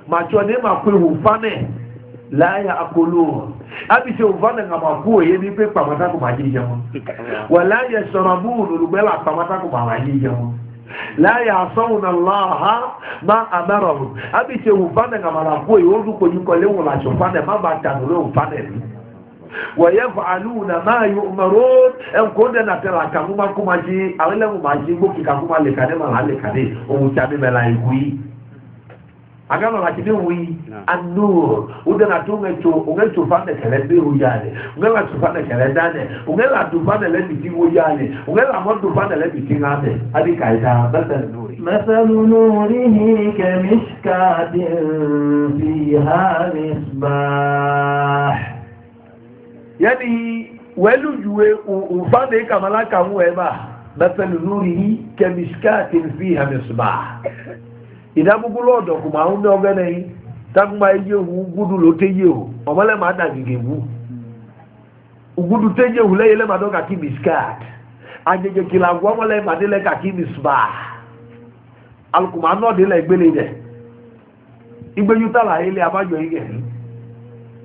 [SPEAKER 1] ma kpe wu fanɛ laaya akolo abi se wu fanɛ nga ma ku oye ni pe kpamata kuma yi jɛ mo wa laaya sɔrɔmu lulugbɛ la kpamata kuma ma yi jɛ mo laaya asɔwuna laha ma amɛrɛ o abi nga ma la ku oye o du kojú kɔlé wò wayaf'aluna ma yu'marun en ko de na tera ka mu ma kuma ji awele mu ma ji gbo ki ka kuma le kade ma ha le kade o mu agano la kide wi anur o de na to nge to o nge to fa de kele be o ya de o nge la to fa de kele da de o nge la to fa de le bi o ya de o nge la mo to fa de le bi ti de adi ka ita ba de no
[SPEAKER 2] مثل نوره كمشكاة فيها مصباح yani welujuwe
[SPEAKER 1] mfano ikamalaka muwema mathalu nurihi kemiskatin fiha misbah idabugulodo kumaume ogeneyi taguma eyehu ugudu loteyehu ọmọlẹ ma da gegewu ugudu teyehu lẹyẹlẹ ma dọ gu ma de lẹ kaki misbah alukuma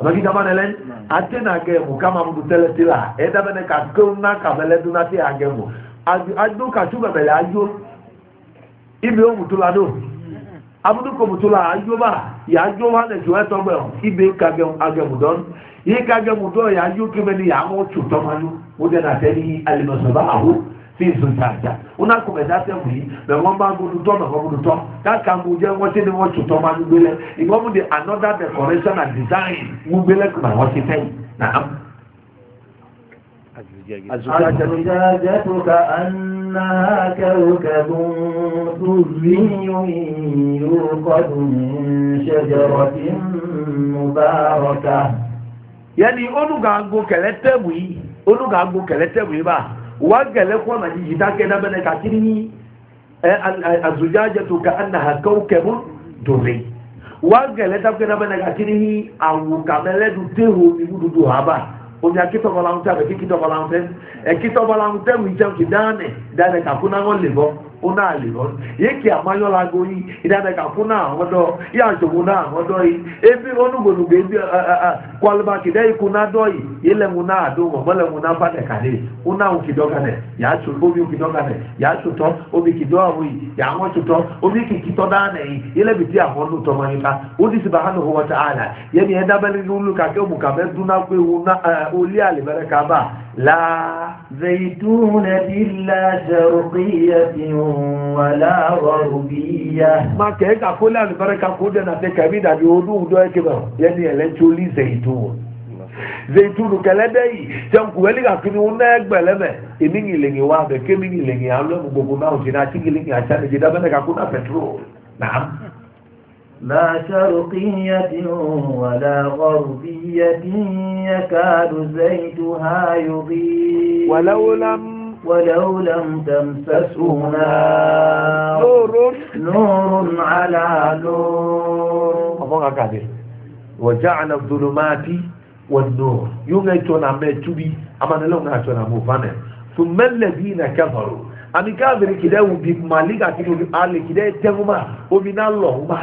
[SPEAKER 1] amaki dama ne lɛ ate na gɛ mo kama mo do tɛlɛ ti la ɛda bɛ ne ka kew na ka bɛ lɛ do na te agɛ mo adu katsu bɛbɛ lɛ adzo ibi wo mutu la do amudu ko mutu la adzo ba yadzo wa ne jo ɛtɔ bɛ o ibi ka gɛ agɛ mo dɔn yi ka gɛ mo dɔn yadzo kebe ni yamu tso tɔma do mo de na tɛ ni alimɛsɔba aho feesu tata una kumeza se wi be won ba gudu to na gudu to ka kan bu je won tin won tuto ma ni bele igbo mu di another decoration and design mu bele kuma won ti fe na am
[SPEAKER 2] azujajatu ka annaha kawkabun durriyun yuqadu min shajaratin mubarakah
[SPEAKER 1] yani onuga go kelete wi onuga go kelete wi ba wagale kwa majiji take na bane katini e, azujajatu ka annaha kawkabun durri wagale take na bane katini awu kamele du tehu mi gudu du haba omi akitọ bọla ń tẹ àbẹ̀kí kitọ bọla ń tẹ ẹkitọ bọla ń tẹ wíjẹ òkè dáánẹ dáánẹ kàkúná wọn lè bọ una aliron yake amanyo lago yi idan daga kuna ngodo ya joguna ngodo yi ebi onugbonu be bi kwalba ki dai kuna doi ile muna adu mo mole muna pate kale una u kidoga ne ya chu bo bi u kidoga ne ya chu to obi kidoa wi ya mo chu to obi ki kito da ne ile bi ti ahonu to mo nika odi subhanahu wa ta'ala yemi edabali lulu una oli ale bere la zaitun illa zarqiyatin wala gharbiya ma ke ka ko la baraka ko da na te ka bi da bi odu do e ke ba ye ni ele choli zeitu zeitu ke le dei jam ku eli ka kini un na egbe le me imi ni le ni wa be ke mi ni le ni alo mu gogo na o ti na ti ni le ni acha ni da
[SPEAKER 2] لا شرقية ولا غربية يكاد زيتها يضيء ولو ولو لم تمسسه نار نور على نور الله قادر وجعل الظلمات
[SPEAKER 1] والنور يوم يتونا ميتوبي أما نلوم نتونا موفانا ثم الذين كفروا أمي كافر كده وبي مالك كده آل كده تهما ومن الله ما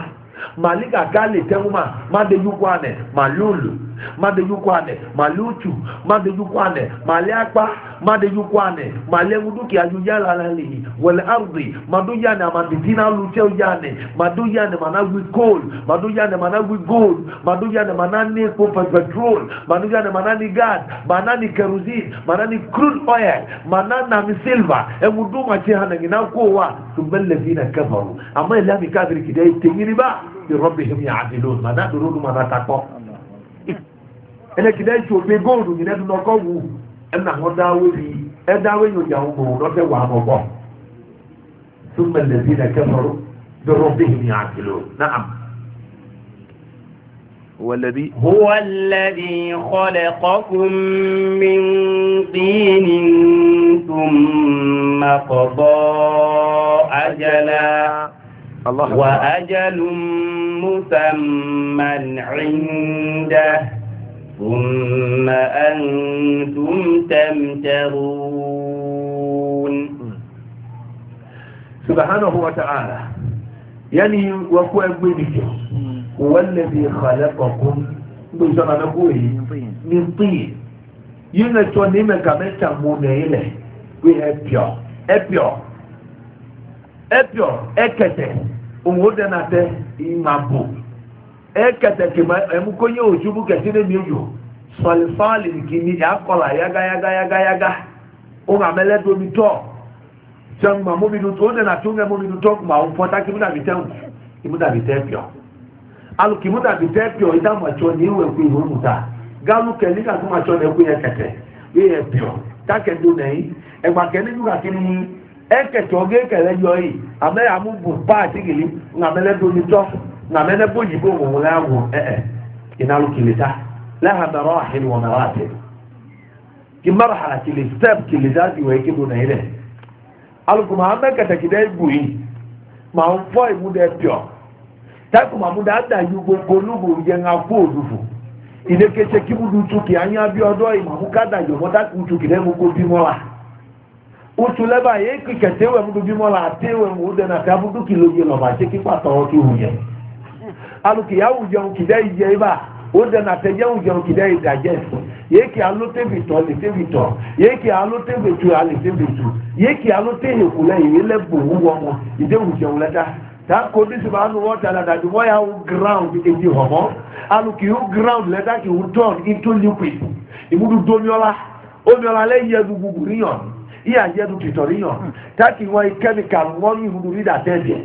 [SPEAKER 1] مالك قال تهما ما ديوكوانه مالولو madejukwane malutu madejukwane maliakpa madejukwane malenguduki ajujalalali walardi madujane amaditina luteujane madujane managwi coal madujane managwi gold madujane manani petrol madujane manani gas manani kerosene manani crude oil mananami silver emudumacihananginakowa sumalladina kafaru amma ilami kafiri kidai tengini ba bi rabbihim yaadilun mana durunu mana takko ɛnɛ kìdá ɛtsi obe góòlù nyina ɛdun ɔkɔ wu ɛna hɔ dáwé bi ɛdáwé yóò yà wò wò n'ɔtɛ wà mɔ bɔ súnmɛ lẹbi nà kẹfọrọ dọrọ bẹyì ni àkìlò naam. هو الذي
[SPEAKER 2] هو الذي خلقكم من طين ثم قضى أجلا الله وأجل مسمى عنده
[SPEAKER 1] ثم
[SPEAKER 2] أنتم تمترون سبحانه وتعالى يعني وكو
[SPEAKER 1] أبوينك هو الذي خلقكم من طين yíyànjọ ní mẹgàmẹta mú n'ilẹ̀ wí ẹ̀pìọ̀ ẹ̀pìọ̀ ẹ̀pìọ̀ ẹ̀kẹ̀tẹ̀ òun ó dẹ́nà tẹ́ ìmàbò Ekete emukonye ojukwu ketire meyo sọlifali kìíní akọla yagayagayagayaga ma momi dutọ ó nana tún kẹ momi dutọ kuma òun fọta o múdàbí tẹun ìmúdàbí tẹpìọ alùkì múdàbí tẹpìọ ìdààmú ma tsọ n'ẹkú yẹ kẹtẹ yẹ yẹ pìọ tákẹ do nẹyìn ni ẹkẹtọ gé kẹlẹ yọ yìí amẹ amú bù pa àti kìlí ohun amẹlẹ na mene bo yibo mo la wo eh eh inalu kilita laha marahil wa maratib ki marhala kili step kili dadi wa ikibu na ile alu kuma ambe kata kidai bui ma onfo ibu de pio ta kuma mu da da yugo golugo ye nga ko odufu ile keche kibu du tuki anya bi odo imamu kada yo mo ta kutu kidai mu ko bi mo la otu lẹ́bàá yé kíkẹ̀tẹ́wẹ̀ mú dubímọ́ la àtẹ́wẹ̀ mú dẹ́nà tí abúdú kìlóye lọ́ba ṣé kípa tọ́ ọ́ kí wù yẹn alukiya awùjẹun kìdá ìjẹ ibà ó dẹ̀nà àtẹ̀jẹ́ awùjẹun kìdá ìdàjẹ́ yéèkì alótèbìtọ̀ àlètèbìtọ̀ yéèkì alótèbìtù àlètèbìtù yéèkì alótèyèkù lẹ́yìn ilẹ̀ gbòòwò wọn wọn ìdéwùjẹun lẹ́dá that condition bá nù wọ́n tẹ̀lé that the wire will ground èdè ọ̀mọ́ alùpùpù yóò ground lẹ́dá kì í turn into liquid ìmúdùdó omi ọlá omi ọlá lẹ́yìn ẹ̀dùn ihe ajedu pitoriyo taki nwa kemikal wọn ihuru rida tẹbi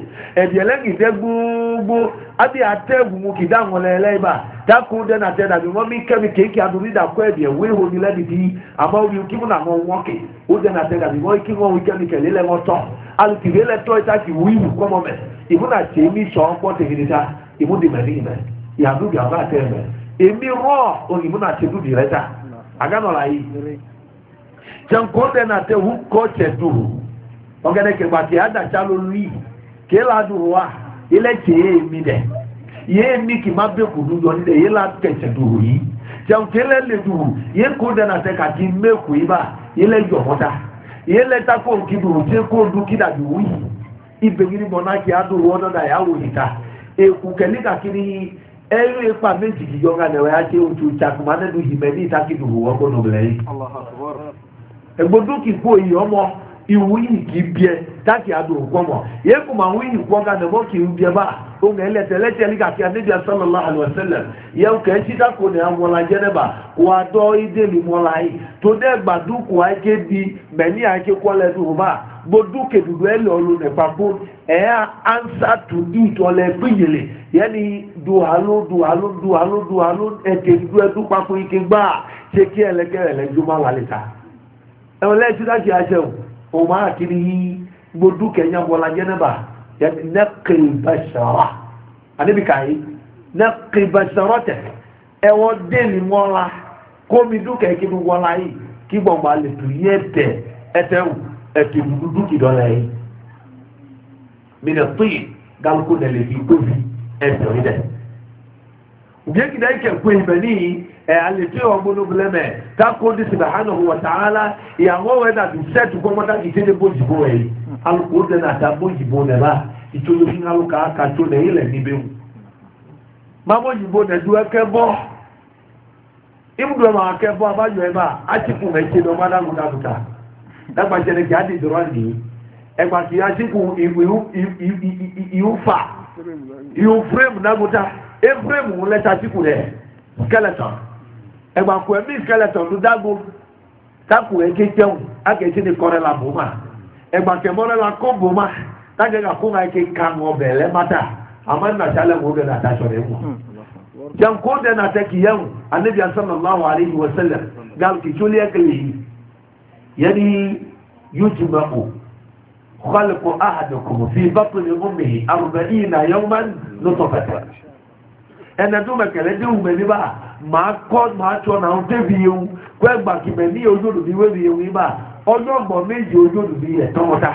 [SPEAKER 1] ẹbi ẹlẹgide gbogbo abi atẹgun mu kida nwọlẹ ẹlẹba taku dẹ na tẹda bi wọn mi kemikal eki adu rida kọ ẹbi ẹwé honi lẹbi bi ama omi kí na mọ wọn kì ó dẹ na tẹda bi wọn kí wọn wí kemikal wọn tọ alùpùpù ilẹ tọ ìtàkì wíwù kọmọ mẹ ìmú na tẹ mi sọ ọkọ ta ìmú di mẹ tẹ mẹ èmi rọ òyìnbó na chankonde na te huko cheduru ongene ke bati ada chalo lui ke la duwa ile che mi de ye mi ki ma be ku dudo ni de ye la ke cheduru yi chankele le duru ye ko de na te ka ti me ku iba ile jo moda ile ta ko ki duru te ko du ki da duwi ibe giri bona ki aduru odo da ya wo ita eku kele ka kiri ẹrú ipa méjì yọ̀ǹga lẹ́wọ̀ ya ṣe ojú ìtàkùn máa nẹ́nu ìmẹ̀ ní ìtàkìdù wọ́n gbọ́dọ̀ bẹ̀rẹ̀ yìí egbodoki bo yi ọmọ iwu yi ki bie taki ado nkọmọ ye kuma wu yi kọ ka nẹbọ ki bie ba o ŋa ẹlẹtẹ ẹlẹtẹ ni kaki anabi sallallahu alaihi wasallam ye ka eti ta ko ne amọla jẹnẹba wa dọ ide mi yi to ne gbadu ake bi mẹni ake kọlẹ do ba gbodo kedudu ẹlẹ ọlu nẹgba bo ẹyà ansa to it ọlẹ pinyele yẹni duhalo duhalo duhalo duhalo ẹtẹ dudu ẹdu kpakpo ike gbaa ṣe kí ẹlẹkẹ ẹlẹdumawalita. ẹ̀wọ̀n lẹ́yìn tí láti àṣẹ òun máa kiri yí gbódú kẹ̀yà wọlá jẹ́nẹ́bà nẹ́kìbàṣọ́rọ̀ àníbìkàyí nẹ́kìbàṣọ́rọ̀ tẹ̀ ẹ̀wọ̀n dẹ́ni wọlá kómi dúkẹ́ kí ló wọlá yìí kí gbọ̀ngbà lè tù yí ẹ̀tẹ̀ ẹ̀tẹ̀ ẹ̀tẹ̀ dúdú kìdọ́lá yìí mìíràn Eh, alipewa mbono buleme tako di subhanahu wa ta'ala ya ngowe da du set ko mata itede boji boye al kurde na ta boji bone ba itulu hinga luka ka to ne ile ni be ma boji bone du akebo imdu ma akebo abajo e ba ati ku me ti do mada mu da buta da gba jere ki adi do randi e gba ki ati ku iwu iwu fa iwu frame na buta e frame wo ta. ti ku le skeleton ẹgbàkú ẹbí skeleton ló dágbo takò ẹgbẹ tẹun akẹsí ni kọrẹ la bò ma ẹgbàkẹ mọrẹ la kó bò ma takẹ ka kó ma ẹkẹ kàn ọbẹ lẹ mata àmọ nàṣà lẹ mọ ọbẹ nàṣà sọrọ ẹmu janko dẹ nàṣà kìyẹn anabi sallallahu alayhi wa sallam gaal kìtúlẹ ẹkẹlẹ yìí yẹni yutuma o kọlẹkọ ahadakum fi bàtúni ummihi arbaina yawman nutfatan ẹnẹdùnmẹkẹlẹ dẹwùmẹ níbà. Ma kọ́ ma tọ́ náà débi ewu kó ẹgbà kìbẹ̀ ní ojú òdòdó wébi ewu yìí bá ọlọ́gbọ̀n méjì ojú òdòdó yẹ tọ́mọta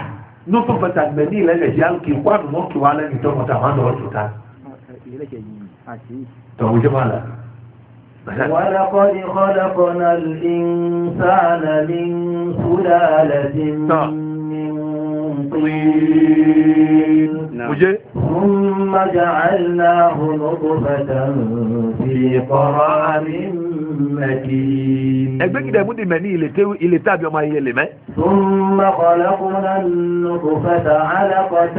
[SPEAKER 1] nùtò pẹ̀tà gbẹ̀ ní ilẹ̀ ẹ̀jẹ̀ alùkì wà nù mọ́kì wà lẹ́yìn tọ́mọta wà nù ọ̀tún ta. tọ́wọ́ jẹ́ wà lá.
[SPEAKER 2] ولقد خلقنا الإنسان من سلالة من طين. ثم جعلناه نطفة في قرار
[SPEAKER 1] مكين ẹgbẹ́ gidi ẹ̀mú di mẹ́ni ilé tàbí ọmọ ayé lè ثم خلقنا
[SPEAKER 2] النطفة علقة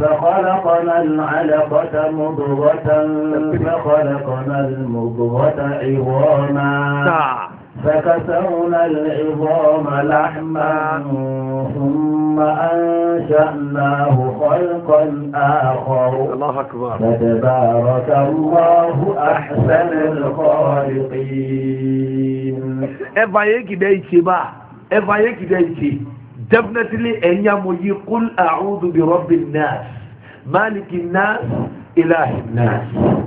[SPEAKER 2] فخلقنا العلقة مضغة فخلقنا المضغة عظاما. فكسونا العظام لحما ثم أنشأناه خلقا آخر الله أكبر فتبارك الله أحسن الخالقين
[SPEAKER 1] Ever yake definitely ẹ̀yà mo yí kúl àrùdù bí برب الناس مالك الناس إله الناس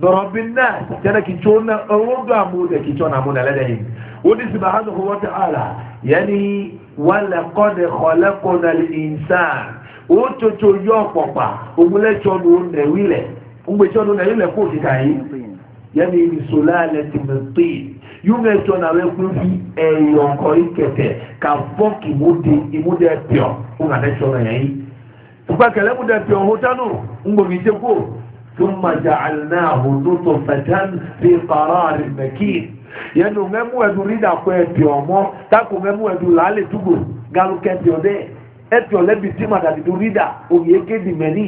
[SPEAKER 1] dorobin na yana kincho na rodo amu da kincho na mu na lada yin wani subhanahu wa ta'ala yani wala qad khalaqna al-insan o toto yo popa ogule chodu ne wile ngbe chodu ne wile ko ti kai yani ni sulalati min tin yunga to na we ku fi e yo ko ikete ka foki mude pio hotanu ngbo mi je ثم جعلناه نطفة في قرار مكين yẹnu mẹmú ẹdun rídà kọ ẹtì ọmọ tako mẹmú ẹdun làálẹ túgò galùkẹ ẹtì ọdẹ ẹtì ọlẹbi tí màdàdì tó rídà òye kéde mẹni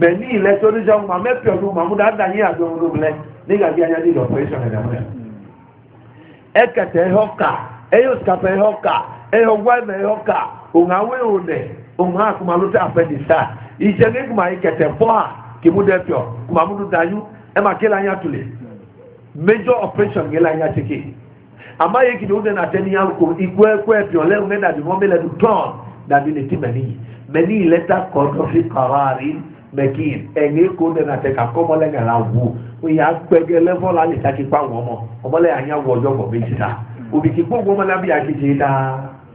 [SPEAKER 1] mẹni lẹsọ oníṣẹ ọmọ mẹpì ọdún màmúdà dàní àgbẹ ọmọdé ọmọlẹ nígbà bí ayé nílò ọpẹrẹsọ ẹdá mọlẹ. ẹkẹtẹ ẹhọ ká ẹyọ sikapẹ ẹhọ ká ẹhọ wáìmẹ ẹhọ ká òun awé òun nẹ òun àkùnmalótẹ kemude pio kumamudu dayu ema kela anya tule major operation kila anya cheke ama ye kidi ude na teni yanko ikwe kwe pio leo mena di mwombe le duton na dine ti meni meni leta kodo fi karari mekin enge kode na teka komo lenge la wu uya kwege level ali taki kwa womo omole anya wojo kwa bejita ubiki kwa womo na biya kijita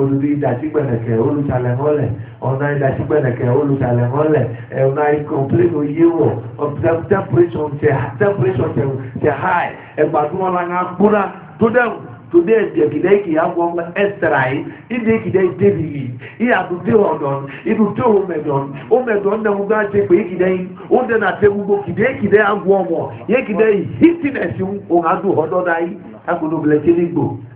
[SPEAKER 1] olùdí ìdàtígbẹ̀nẹ̀kẹ̀ olùtàlẹ̀mọ́lẹ̀ ọ̀nà ìdàtígbẹ̀nẹ̀kẹ̀ olùtàlẹ̀mọ́lẹ̀ ọ̀nà ìkọ̀m̀pléènì yíwọ̀ tẹ́pùrẹ́sọ̀n tẹ̀ háì ẹgbà tó wọn lọ́nà gbóná tó dẹ̀wù tó dẹ̀ ẹ̀dẹ̀gìdẹ̀ kì í àwọn ọmọ ẹ̀sẹ̀rà yìí ìdè kìdẹ̀ débi yìí ìyàtò dé ọ̀dọ̀n ìdù tó o mẹ̀dọ̀n o mẹ̀dọ̀n náà wọn gbà ṣe pé kìdẹ̀ yìí ó dẹ̀nà tẹ gbogbo kìdẹ̀ kìdẹ̀ àwọn ọmọ yẹ kìdẹ̀ yìí hìtìnẹ̀sì òun àdó ọ̀dọ̀ náà yìí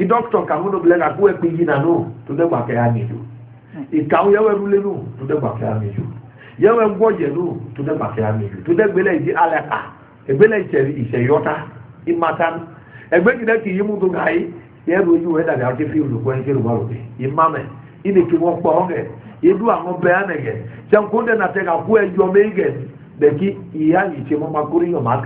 [SPEAKER 1] ki doctor ka ŋun bila ka ko ekpe yina no to de gba kɛ ya mi jo ikawo yɛwɛ rule no to de gba kɛ ya mi jo yɛwɛ gbɔdze no to de gba kɛ ya mi jo to de gbele yi alɛ ka egbele yi tsɛ ìsɛyɔta imata egbe yi de ki yi mu do ka yi yɛlu yi wɛ dabi ake fi olùkɔ àwọn bɛɛ anɛgɛ sɛnko na tɛ ka ko ɛdzɔ iya yi tse mɔ ma kori yɔ ma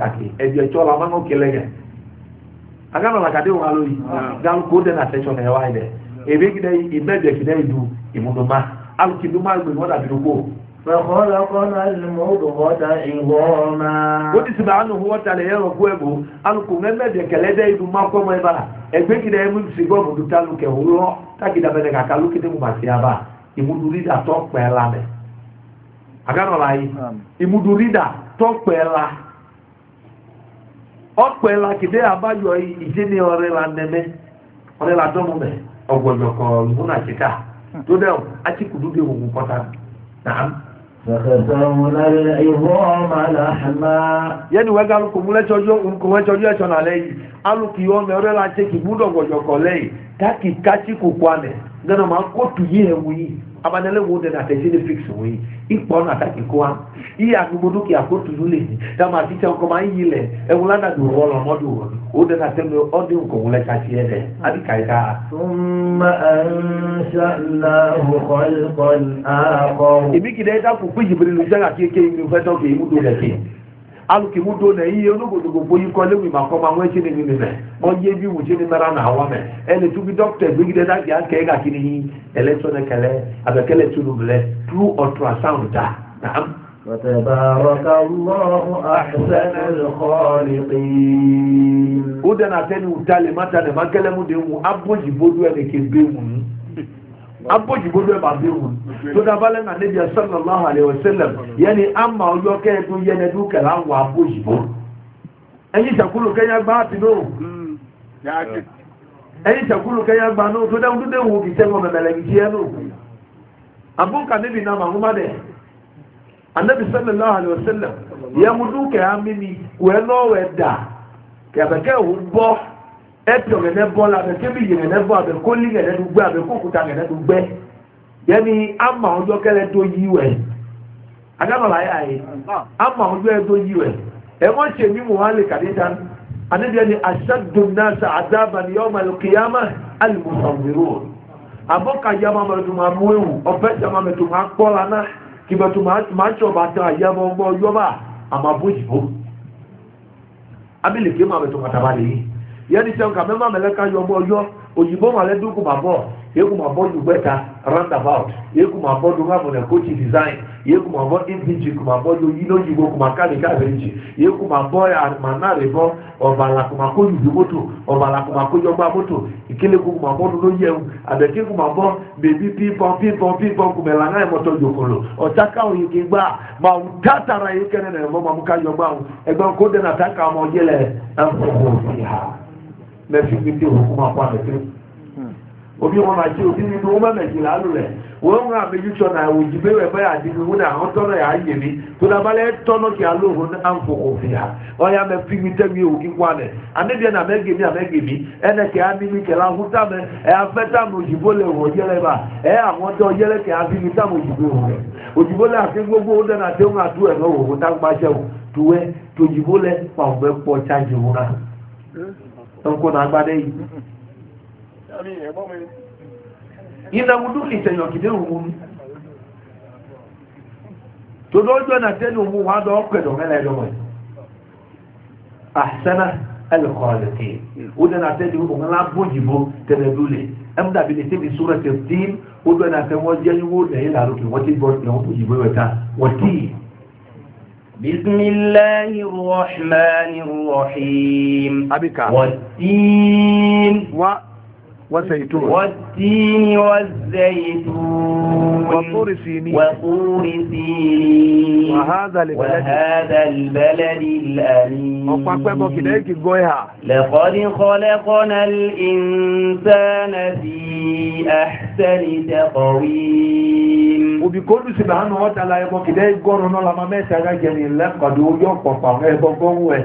[SPEAKER 1] agama makade wa lori ah. gan ko de na section e wa ile e be gide e be de gide idu imuduma al kiduma gbe mo da birugo fa khalaqana al mudghata idhama wodi de kele de idu ma ko mo e bara e be gide e mu si go mu du talu ke wuro ta gida be de ka kalu kide mu ma si aba imuduri da to pe la lai imuduri da to ọ̀pẹ̀ làkìdé àbájọ ìdí ní ọ̀rẹ́ la nẹ́mẹ́ ọ̀rẹ́ la dọ́mọ mẹ́ ọ̀gbọ̀dọ̀kọ̀ lùmúnà kíkà tó dẹ̀ àtìkùdú dé òwò pọ́tà náà.
[SPEAKER 2] فَخَسَفْنَا الْعِظَامَ
[SPEAKER 1] ọmọ la gana ma kóòtù yìí ẹ̀ wòye abanilẹ́wò dẹ̀ n'àtẹ̀sí ní fix wòye ipò ọ̀nà àtàkì kó wa iye agbogbo dúkìá kóòtù ló lè ní dàmà àtìsẹ́ ọkọ̀ máa ń yí lẹ̀ ẹ̀wọ̀n lánàá dùn wọ́n lọ ọmọdé wọ̀ ó dẹ̀ n'àtẹ̀ mi ọdún nǹkan wọlé kàtí ẹ̀ dẹ̀ àbí kàyíká. summa ansha'nahu khalqan akhar. èmi kìí dẹ́ dákun pé jìbìrì lùjá alụkiwudo na ihe n'obodogobo onye ikọlewi maka ọma nwee chine mimime onye ebi wu chine mara na awa me eletugi dọkịta egwegide na bịa ka ị gakiri ihe eletrọn ekele abekele turubule tru ultrasound taa na
[SPEAKER 2] وتبارك الله
[SPEAKER 1] أحسن الخالقين. ودنا تاني وتالي ما تاني ما كلمه دي an boji gobe ba zai hun to da balan annabi sallallahu alaihi wasallam yani amma ojo ke to yana duka ran wa boji bo ẹ̀yin ṣàkúrò kẹ́yà gbá àti náà ẹ̀yin ṣàkúrò kẹ́yà gbá náà tó dáhùn dúdé wò kìí sẹ́wọ̀n mẹ̀mẹ̀lẹ̀ kìí ẹ̀ náà abúkà níbi náà màá má dẹ̀ anabi sallallahu alaihi wasallam yẹmu dúkẹ́ á mímí wẹ́ẹ́ náà wẹ́ẹ́ dà kẹ̀kẹ́ òun bọ́ ẹ̀pì ọ̀gẹ̀dẹ̀ bọ́ abe kébì yẹ̀gẹ̀dẹ̀ bọ́ abẹ kólí gẹ̀dẹ̀ tó gbẹ abẹ kókùtà gẹ̀dẹ̀ tó gbẹ yẹni ama ọjọ́ kẹlẹ̀ tó yí wẹ̀ adámọ̀lá yà yìí ama ọjọ́ yẹ tó yí wẹ̀ ẹ̀ wọ́n ṣe ní muhammed kadita adébíyẹ ni aṣáàdùnnáṣà adábàní ọmọ ẹlòkìyàmà alìmùsàmùrò abọ́kàyàmà mẹtùmá mọ́ẹ̀wù ọ̀fẹ́ sàmà mẹtùmá kpọ́lánà yọba yẹni sẹ́wọ́n kà mẹ́mà mẹ́lẹ́ ká yọ ọmọ yọ òyìnbó màlẹ́ dúkù mà bọ̀ yéku mà bọ̀ dùgbẹ́ta roundabout yéku mà bọ̀ dùn hàmùnà kòtì design yéku mà bọ̀ ìdíjì kù mà bọ̀ yọ yínà òyìnbó kù mà káàdì káàbẹ̀jì yéku mà bọ̀ àmàna rẹ̀ bọ̀ ọ̀bàlà kù mà kóyù dùn mọ́tò ọ̀bàlà kù mà kóyọ gbà mọ́tò ìkélé kù mà bọ̀ dùn yẹ̀wù àbẹ̀ké kù mà bọ̀ bèbí pípọ̀ pípọ̀ pípọ̀ kù mẹ́la náà mọ́tò jòkòlò ọ̀tá káwọn yìí gbà mà ń tá mẹ́fì pété òkú máa pa mẹ́fì obi wọn àti obi nínú wọn mẹ́mẹ́jì lálù rẹ̀ wọ́n ń o, méjì sọ̀nà òjì bẹ́ẹ̀ bẹ́ẹ̀ àdínú wọn náà àwọn tọ́nà yà á yè mí tó dábàá kí alóhùn náà ń fò òfin ha ọ̀yà mẹ́ fi mi tẹ́ mi ò kí wà mẹ́ anédìẹ́ náà mẹ́ gèmí àmẹ́ gèmí ẹnẹ kẹ́ á ní mi kẹ́ láhùn tá mẹ́ mi bá àwọn mi wọn tó ń kó náà gbádé yìí ilẹ̀ wudú ìtẹ̀yàn kìdé òun ní tó lọ́jọ́ náà tẹ́lẹ̀ òun wà lọ́ pẹ̀lú mẹ́lẹ̀ lọ́wọ́ àṣẹ́nà ẹlẹ́kọ̀ọ́lẹ̀kẹ́ ó dẹ̀ náà tẹ́lẹ̀ òun lábójìbó tẹ́lẹ̀ lulẹ̀ ẹ̀mú dàbí lè tẹ́lẹ̀ sórẹ̀ tẹ́lẹ̀ tí ó dẹ̀ náà tẹ́lẹ̀ wọ́n jẹ́ yíwó lẹ́yìn làlókè wọ́n ti gbọ́ ìyàwó bójìbó rẹ̀ ta wọ́n tíì
[SPEAKER 2] بسم الله الرحمن الرحيم أبيك. والتين و... والزيتون والتين والزيتون وطور سينين وطور سينين وهذا البلد وهذا لقد خلقنا الإنسان في أحسن تقويم
[SPEAKER 1] وبكل سبحانه وتعالى يقول كده يقول لما ميسا جاجني لقد يقول يقول يقول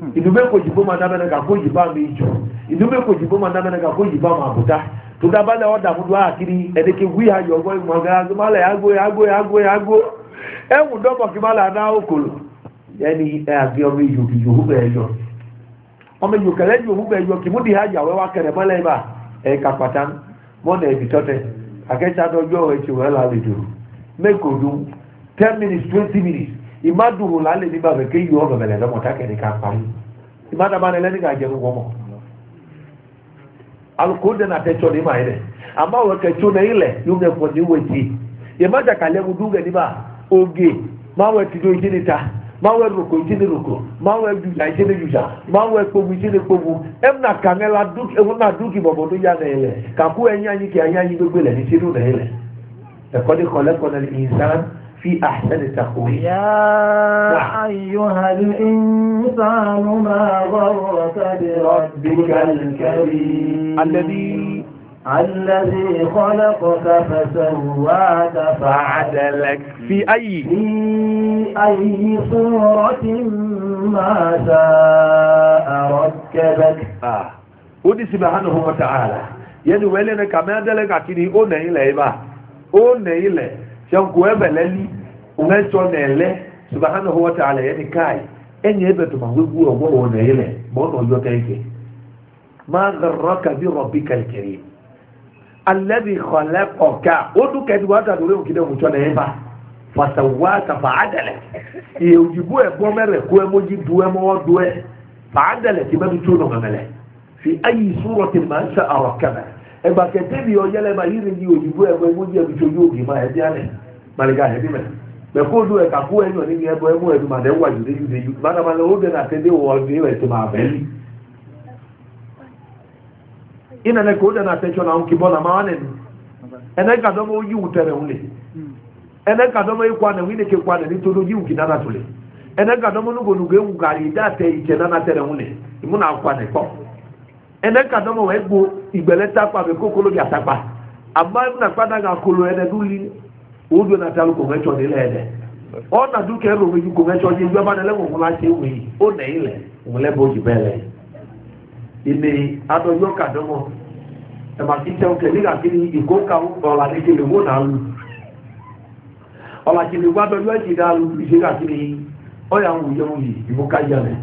[SPEAKER 1] Hmm. ìdúgbò kò jìbó máa dábẹ́rẹ́ gà kó yìbá mi jù ìdúgbò kò jìbó máa dábẹ́rẹ́ gà kó yìbá máa bùtá tó dábàlẹ̀ ọ̀dà fún wa àkiri ẹ̀dẹ́kẹ́ wí ayọ̀ ọgbọ́n ìmọ̀ ọ̀gá agbọ́mọlẹ̀ agbó agbó agbó agbó ẹ̀wùn dọ́bọ̀ kí má là ná òkòlò ẹni àgbẹ̀ ọmọ ìyò kì yòówù bẹ́ẹ̀ yọ ọmọ ìyò kẹlẹ́ yòówù bẹ́ẹ̀ yọ kì múdi ayà wẹ́wà kẹrẹ mọ́lẹ̀ ibà ẹ̀ kàpàtà mọ́nà ẹ̀bì tọ́tẹ̀ akẹ́sàdọ́jọ́ ẹ̀ imaduru la le niba ke yi ọ̀rọ̀ mẹlẹ lọmọ ta kẹni ka pa yi imadama lẹ lẹni ka jẹnu wọmọ alukoro dẹ na tẹ tsọ n'ima yi dẹ ama wọ kẹ tso n'ayi lẹ yóò mẹ fọ n'ewé ti imada kalẹ mu dùn kẹniba oge ma wọ ti do yi ni ta ma wọ roko yi ni roko ma wọ juja yi ni juja ma wọ ekpomu yi ni ekpomu ẹmu na kaŋɛ la du ẹmu na du kibọbọ do ya n'ayi lẹ kaku ẹnyanyi kẹ ẹnyanyi gbegbe lẹ ni tsi do n'ayi lẹ ẹkọdi kọlẹ في أحسن تقويم
[SPEAKER 2] يا أيها الإنسان ما غرك بربك الكريم الذي الذي خلقك فسواك فعدلك في أي في أي صورة ما شاء ركبك آه ودي
[SPEAKER 1] سبحانه وتعالى يدو يعني ولنا كما دلك عتني أون إلى إبا أون إلى shanku ebe lali umecho nele subhanahu wa ta'ala yani kai enyi ebe to ma wegu ogwo wona ile bo no yo teke ma gharraka bi rabbika alkarim alladhi khalaqaka odu kedi wa ta dore okide mucho na eba fasawaka fa'adala e ujibu e bo mere ko e moji du e mo do e fa'adala ti ba tu no ngamele fi ayi suratin ma sha'a rakaba ẹgbà kẹtẹ bi ọjẹlẹ ma yiri di òyìnbó ẹgbọ ẹgbọ di ẹbi tso yóò bi ma ẹbi alẹ malika ẹbi mẹ mẹ kó do ẹka kó ẹnu ẹni ni ẹbọ ẹmu ẹdu ma dẹ wà yìí yìí yìí bàtà ma lẹ o dẹ nàtẹ dé wọ ọdún ẹwẹ tó ma bẹ li ina nẹ kó dẹ nàtẹ tsọ náà nkì bọ nà má wà nẹnu ẹnẹ kadọ ma oyi wù tẹrẹ wù lẹ ẹnẹ kadọ ma ekwa wíne ké kwa nẹ ní todo yi kì nana tó lẹ ẹnẹ kadọ nugo nugo ewu gàlí dá tẹ ìtsẹ nana tẹrẹ wù ene ka dɔmɔ wɛ gbo igbɛlɛ takpa bɛ koko lo biasa kpa ama na kpana ka kolo ɛnɛ du li o do na ta lo kɔnkɛ tsɔ de lɛ ɛnɛ ɔna du kɛ lo meju kɔnkɛ tsɔ de ju ama ne lɛ ŋɔŋɔ la se wei o nɛ yi lɛ ŋɔ lɛ bo yi bɛ lɛ ine adɔ yɔ ka dɔmɔ ɛma ti tɛ o kɛ ne ka kiri kele o na lu ɔla kele o adɔ yɔ ɛti da lu ise ka kiri ɔya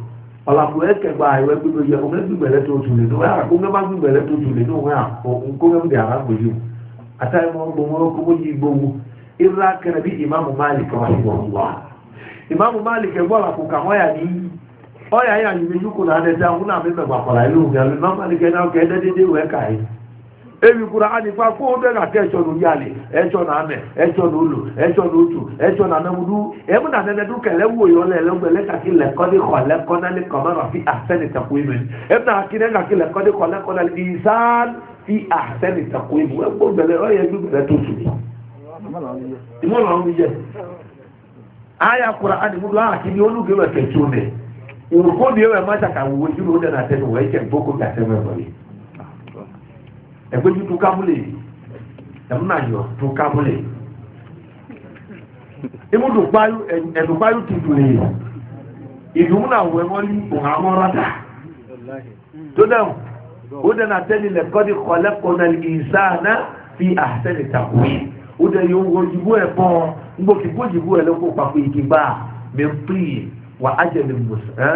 [SPEAKER 1] ọ̀làpọ̀ ẹ̀kẹ́ gba ìwé gbígbé yẹ ọmọ ẹgbẹ́ gbẹ̀lẹ́ tó tù lé ní wọ́n ọmọ ẹgbẹ́ gbẹ̀lẹ́ tó tù lé ní wọ́n bi mi dàrá gbèjú àtàyè kó gbowó ìlà kẹrẹ máàlì máàlì kẹ ọ̀yà yà máàlì kẹ náà dẹ́dẹ́dẹ́ ebi kura anifa kó o bẹ̀rẹ̀ àti ẹ̀ṣọ́ lórí àlè ẹ̀ṣọ́ nà amẹ̀ ẹ̀ṣọ́ nà olù ẹ̀ṣọ́ nà otu ẹ̀ṣọ́ nà anamudu ẹ̀mú nà nẹnẹdu kẹlẹ́ wò yọ lẹ lẹ́gbẹ̀ lẹ́kàkí lẹ́kọ́dé kọ́ lẹ́kọ́nálẹ́ kọ́mọ́rọ̀ fi àsẹ́ni tako emi ẹ̀mú nà kí lẹ́kàkí lẹ́kọ́dé kọ́ lẹ́kọ́nálẹ́ ìsán fi àsẹ́ni tako emi wọ́n gbọ́ bẹ̀rẹ̀ ọ yẹ gbẹ̀rẹ̀ tó tu aya kura animudu aki ni olugbe wẹ kẹtu mẹ nkó ni ewé ma ṣàkàwé wojú ni ó dẹ̀ nà tẹ́ ní wọ́n ẹ̀ kẹ́ gbókò gàtẹ́ mẹ́fọ́ ẹgbẹ́jú tó kábúlè ẹ̀múnàyọ tó kábúlè ìmúdùpáyú tuntun lè ìdúmúnàwó ẹ̀wọ́n ní òhàmọ́ rádà tó dáhùn ó dẹ̀nà tẹ́lẹ̀ lẹ́kọ́dí kọlẹ́kọ̀ọ́nà ìsáàná fi àtẹ́lẹ̀ tàkùn ó dẹ̀ yóò wọ ìbú ẹ̀ bọ́ ngbòkìgbò ìbú ẹ̀ lọ́kọ̀ pàpọ̀ ìkìgbà mẹ́pìlì wà ájẹ̀lẹ̀ mùsùlùmí ẹ́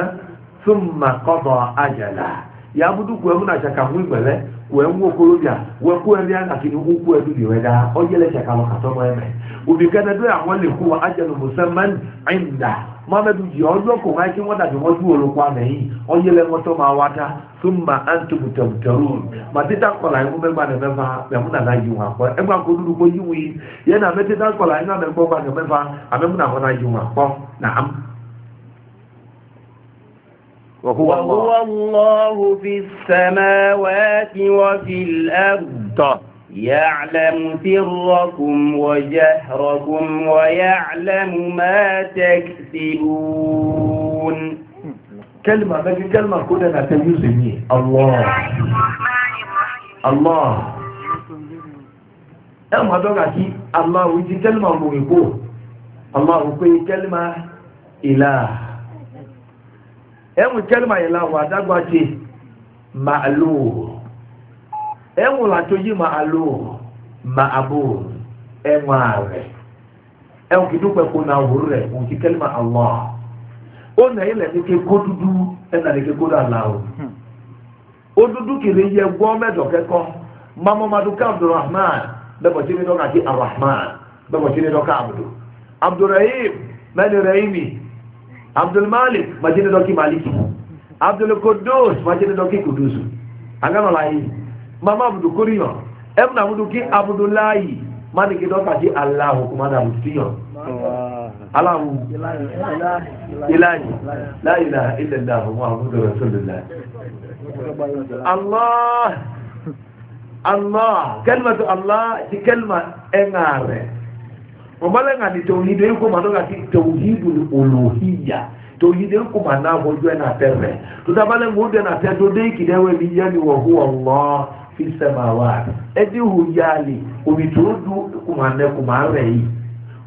[SPEAKER 1] fún màkọ́bọ̀ ájẹ̀lẹ̀ ya budu kuwe muna shaka mwi mbele kuwe mwo kolobia we kuwe ndi anga kini ukuwe dudi weda ojele shaka lokato mweme ubikana dwe amwale kuwa ajalu musamman inda mama duji ojo ko ngai ki wada de wodu olo kwa nei ojele moto ma wata thumma antum tabtarun matita kola ngu me bana me fa me muna na yiwa ko e gba ko dudu ko yiwi ye na metita kola ngu me gbo ba me fa ame muna ko na yiwa ko na am وهو, وهو
[SPEAKER 2] الله في السماوات وفي الأرض طه. يعلم سركم وجهركم ويعلم ما تكسبون كلمة بقى كلمة كلنا تيوزني
[SPEAKER 1] الله الله ẹ̀mọ̀ àdọ́gà sí aláwọ̀ ìdí kẹlìmà mọ̀ ìkó aláwọ̀ pé kẹlìmà ìlàá enwe kelma ilahu adagbaji ma'alu enwe latoji ma'alu ma'abu enwe ma enwe kidupe kuna wurre unki kelma allah ona ile ni ke kodudu ena ni ke kodu alahu odudu kiri ye gwo mejo keko mama maduka abdurrahman bebo chini doka abdu rahimi Abdul Malik majini doki Maliki Abdul Kudus majini doki Kudusu agano lai mama Abdul Kuriyo emna muduki Abdullahi mani kidoka ji Allahu kumada mutiyo Allahu ilahi la ilaha illa Allah Muhammadur Rasulullah Allah Allah كلمة الله دي كلمة إناره malenga ni tauhidi yuko madoga ki tauhidi uluhiyya tauhidi yuko manavo jua na pepe tutabale ngude na teto dei kidewe bijani wa huwa Allah fi samawati edi huyali umitudu kumane kumarei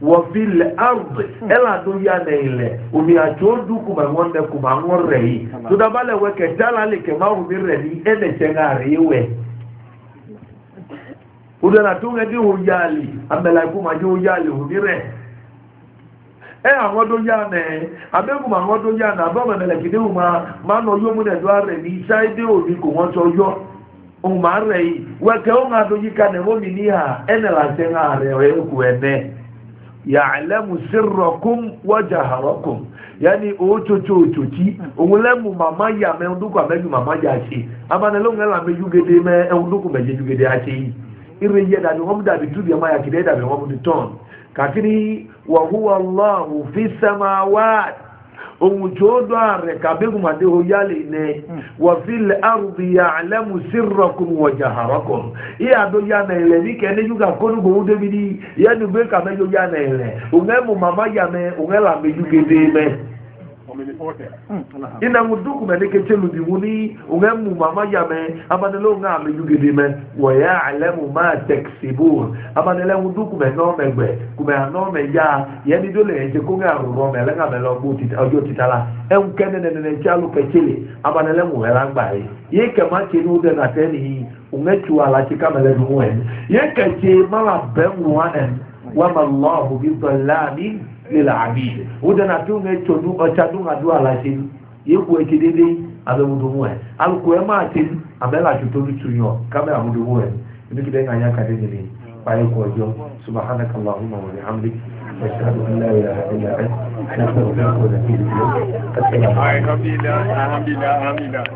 [SPEAKER 1] wa fil ardi ela duya na ile umi achodu kumangonde kumangorei tutabale weke tala like mahu bireni ene chengare iwe udana eh, tunga di hujali amelaku ma hujali hudire e àwọn do ya ne abegu ma àwọn do ya na baba mele kide uma ma no yo mu ne do are ni side o ni ko won so yo o ma re yi we ke o ma do yi ka ne mo mi ni ha ene la se na re o ku ene ya'lamu sirrakum wa jaharakum yani o to to to ti o le mu mama ya me nduko abeju mama ya ti abane lo ngela me jugede me nduko irin yadda ni wọ́n dàbí túbí ọmọ àyàkì dẹ́ dàbí wọ́n mú ní tán kàkiri wa huwa Allahu fi samawat ohun tí ó dọ́ ààrẹ kàbíkùn àti oyálè ní wa fil ardi ya'lamu sirrakum wa jaharakum ìyá tó yá na ilẹ̀ ní kẹ́ni yúgà kónú gbòó débi ní yẹnu gbé kàmẹ́ yóò yá na ilẹ̀ òun ẹ̀ mú màmá yà mẹ́ òun ẹ̀ làmẹ́jú gédé mẹ́. Hmm. ina mu duk mɛ ne ke tse lu di mu ni o ŋa mu mama ya mɛ abanilɛ o ŋa ame ju gidi mɛ wa ya ma tɛkisi bo abanilɛ mu duk mɛ nɔ gbɛ kumɛ anɔ ya yanni do le ɛdze ko ŋa rɔ mɛ lɛ ŋa mɛ lɛ ɔgbɔ tita ɔjɔ tita la ɛnu kɛ ne nɛnɛ tse alu kɛ tse le abanilɛ mu mɛ la gba ye ye kɛmɛ tse nu dɛ na tɛ ni ŋɛtu ala tse kama lɛ dumu yɛ ye kɛ mala bɛ ŋua ɛ wama lɔ lil abid wuda na tun ga to du ocha du ga du ala se ye ku e kede de abe mu du mu e al ku e ma te abe la to du tu yo kamera mu du mu e ni kide ga ya ka de ni pa e ko e jo subhanaka allahumma wa bihamdik أشهد أن لا إله إلا أنت نحن نقول في اليوم السلام عليكم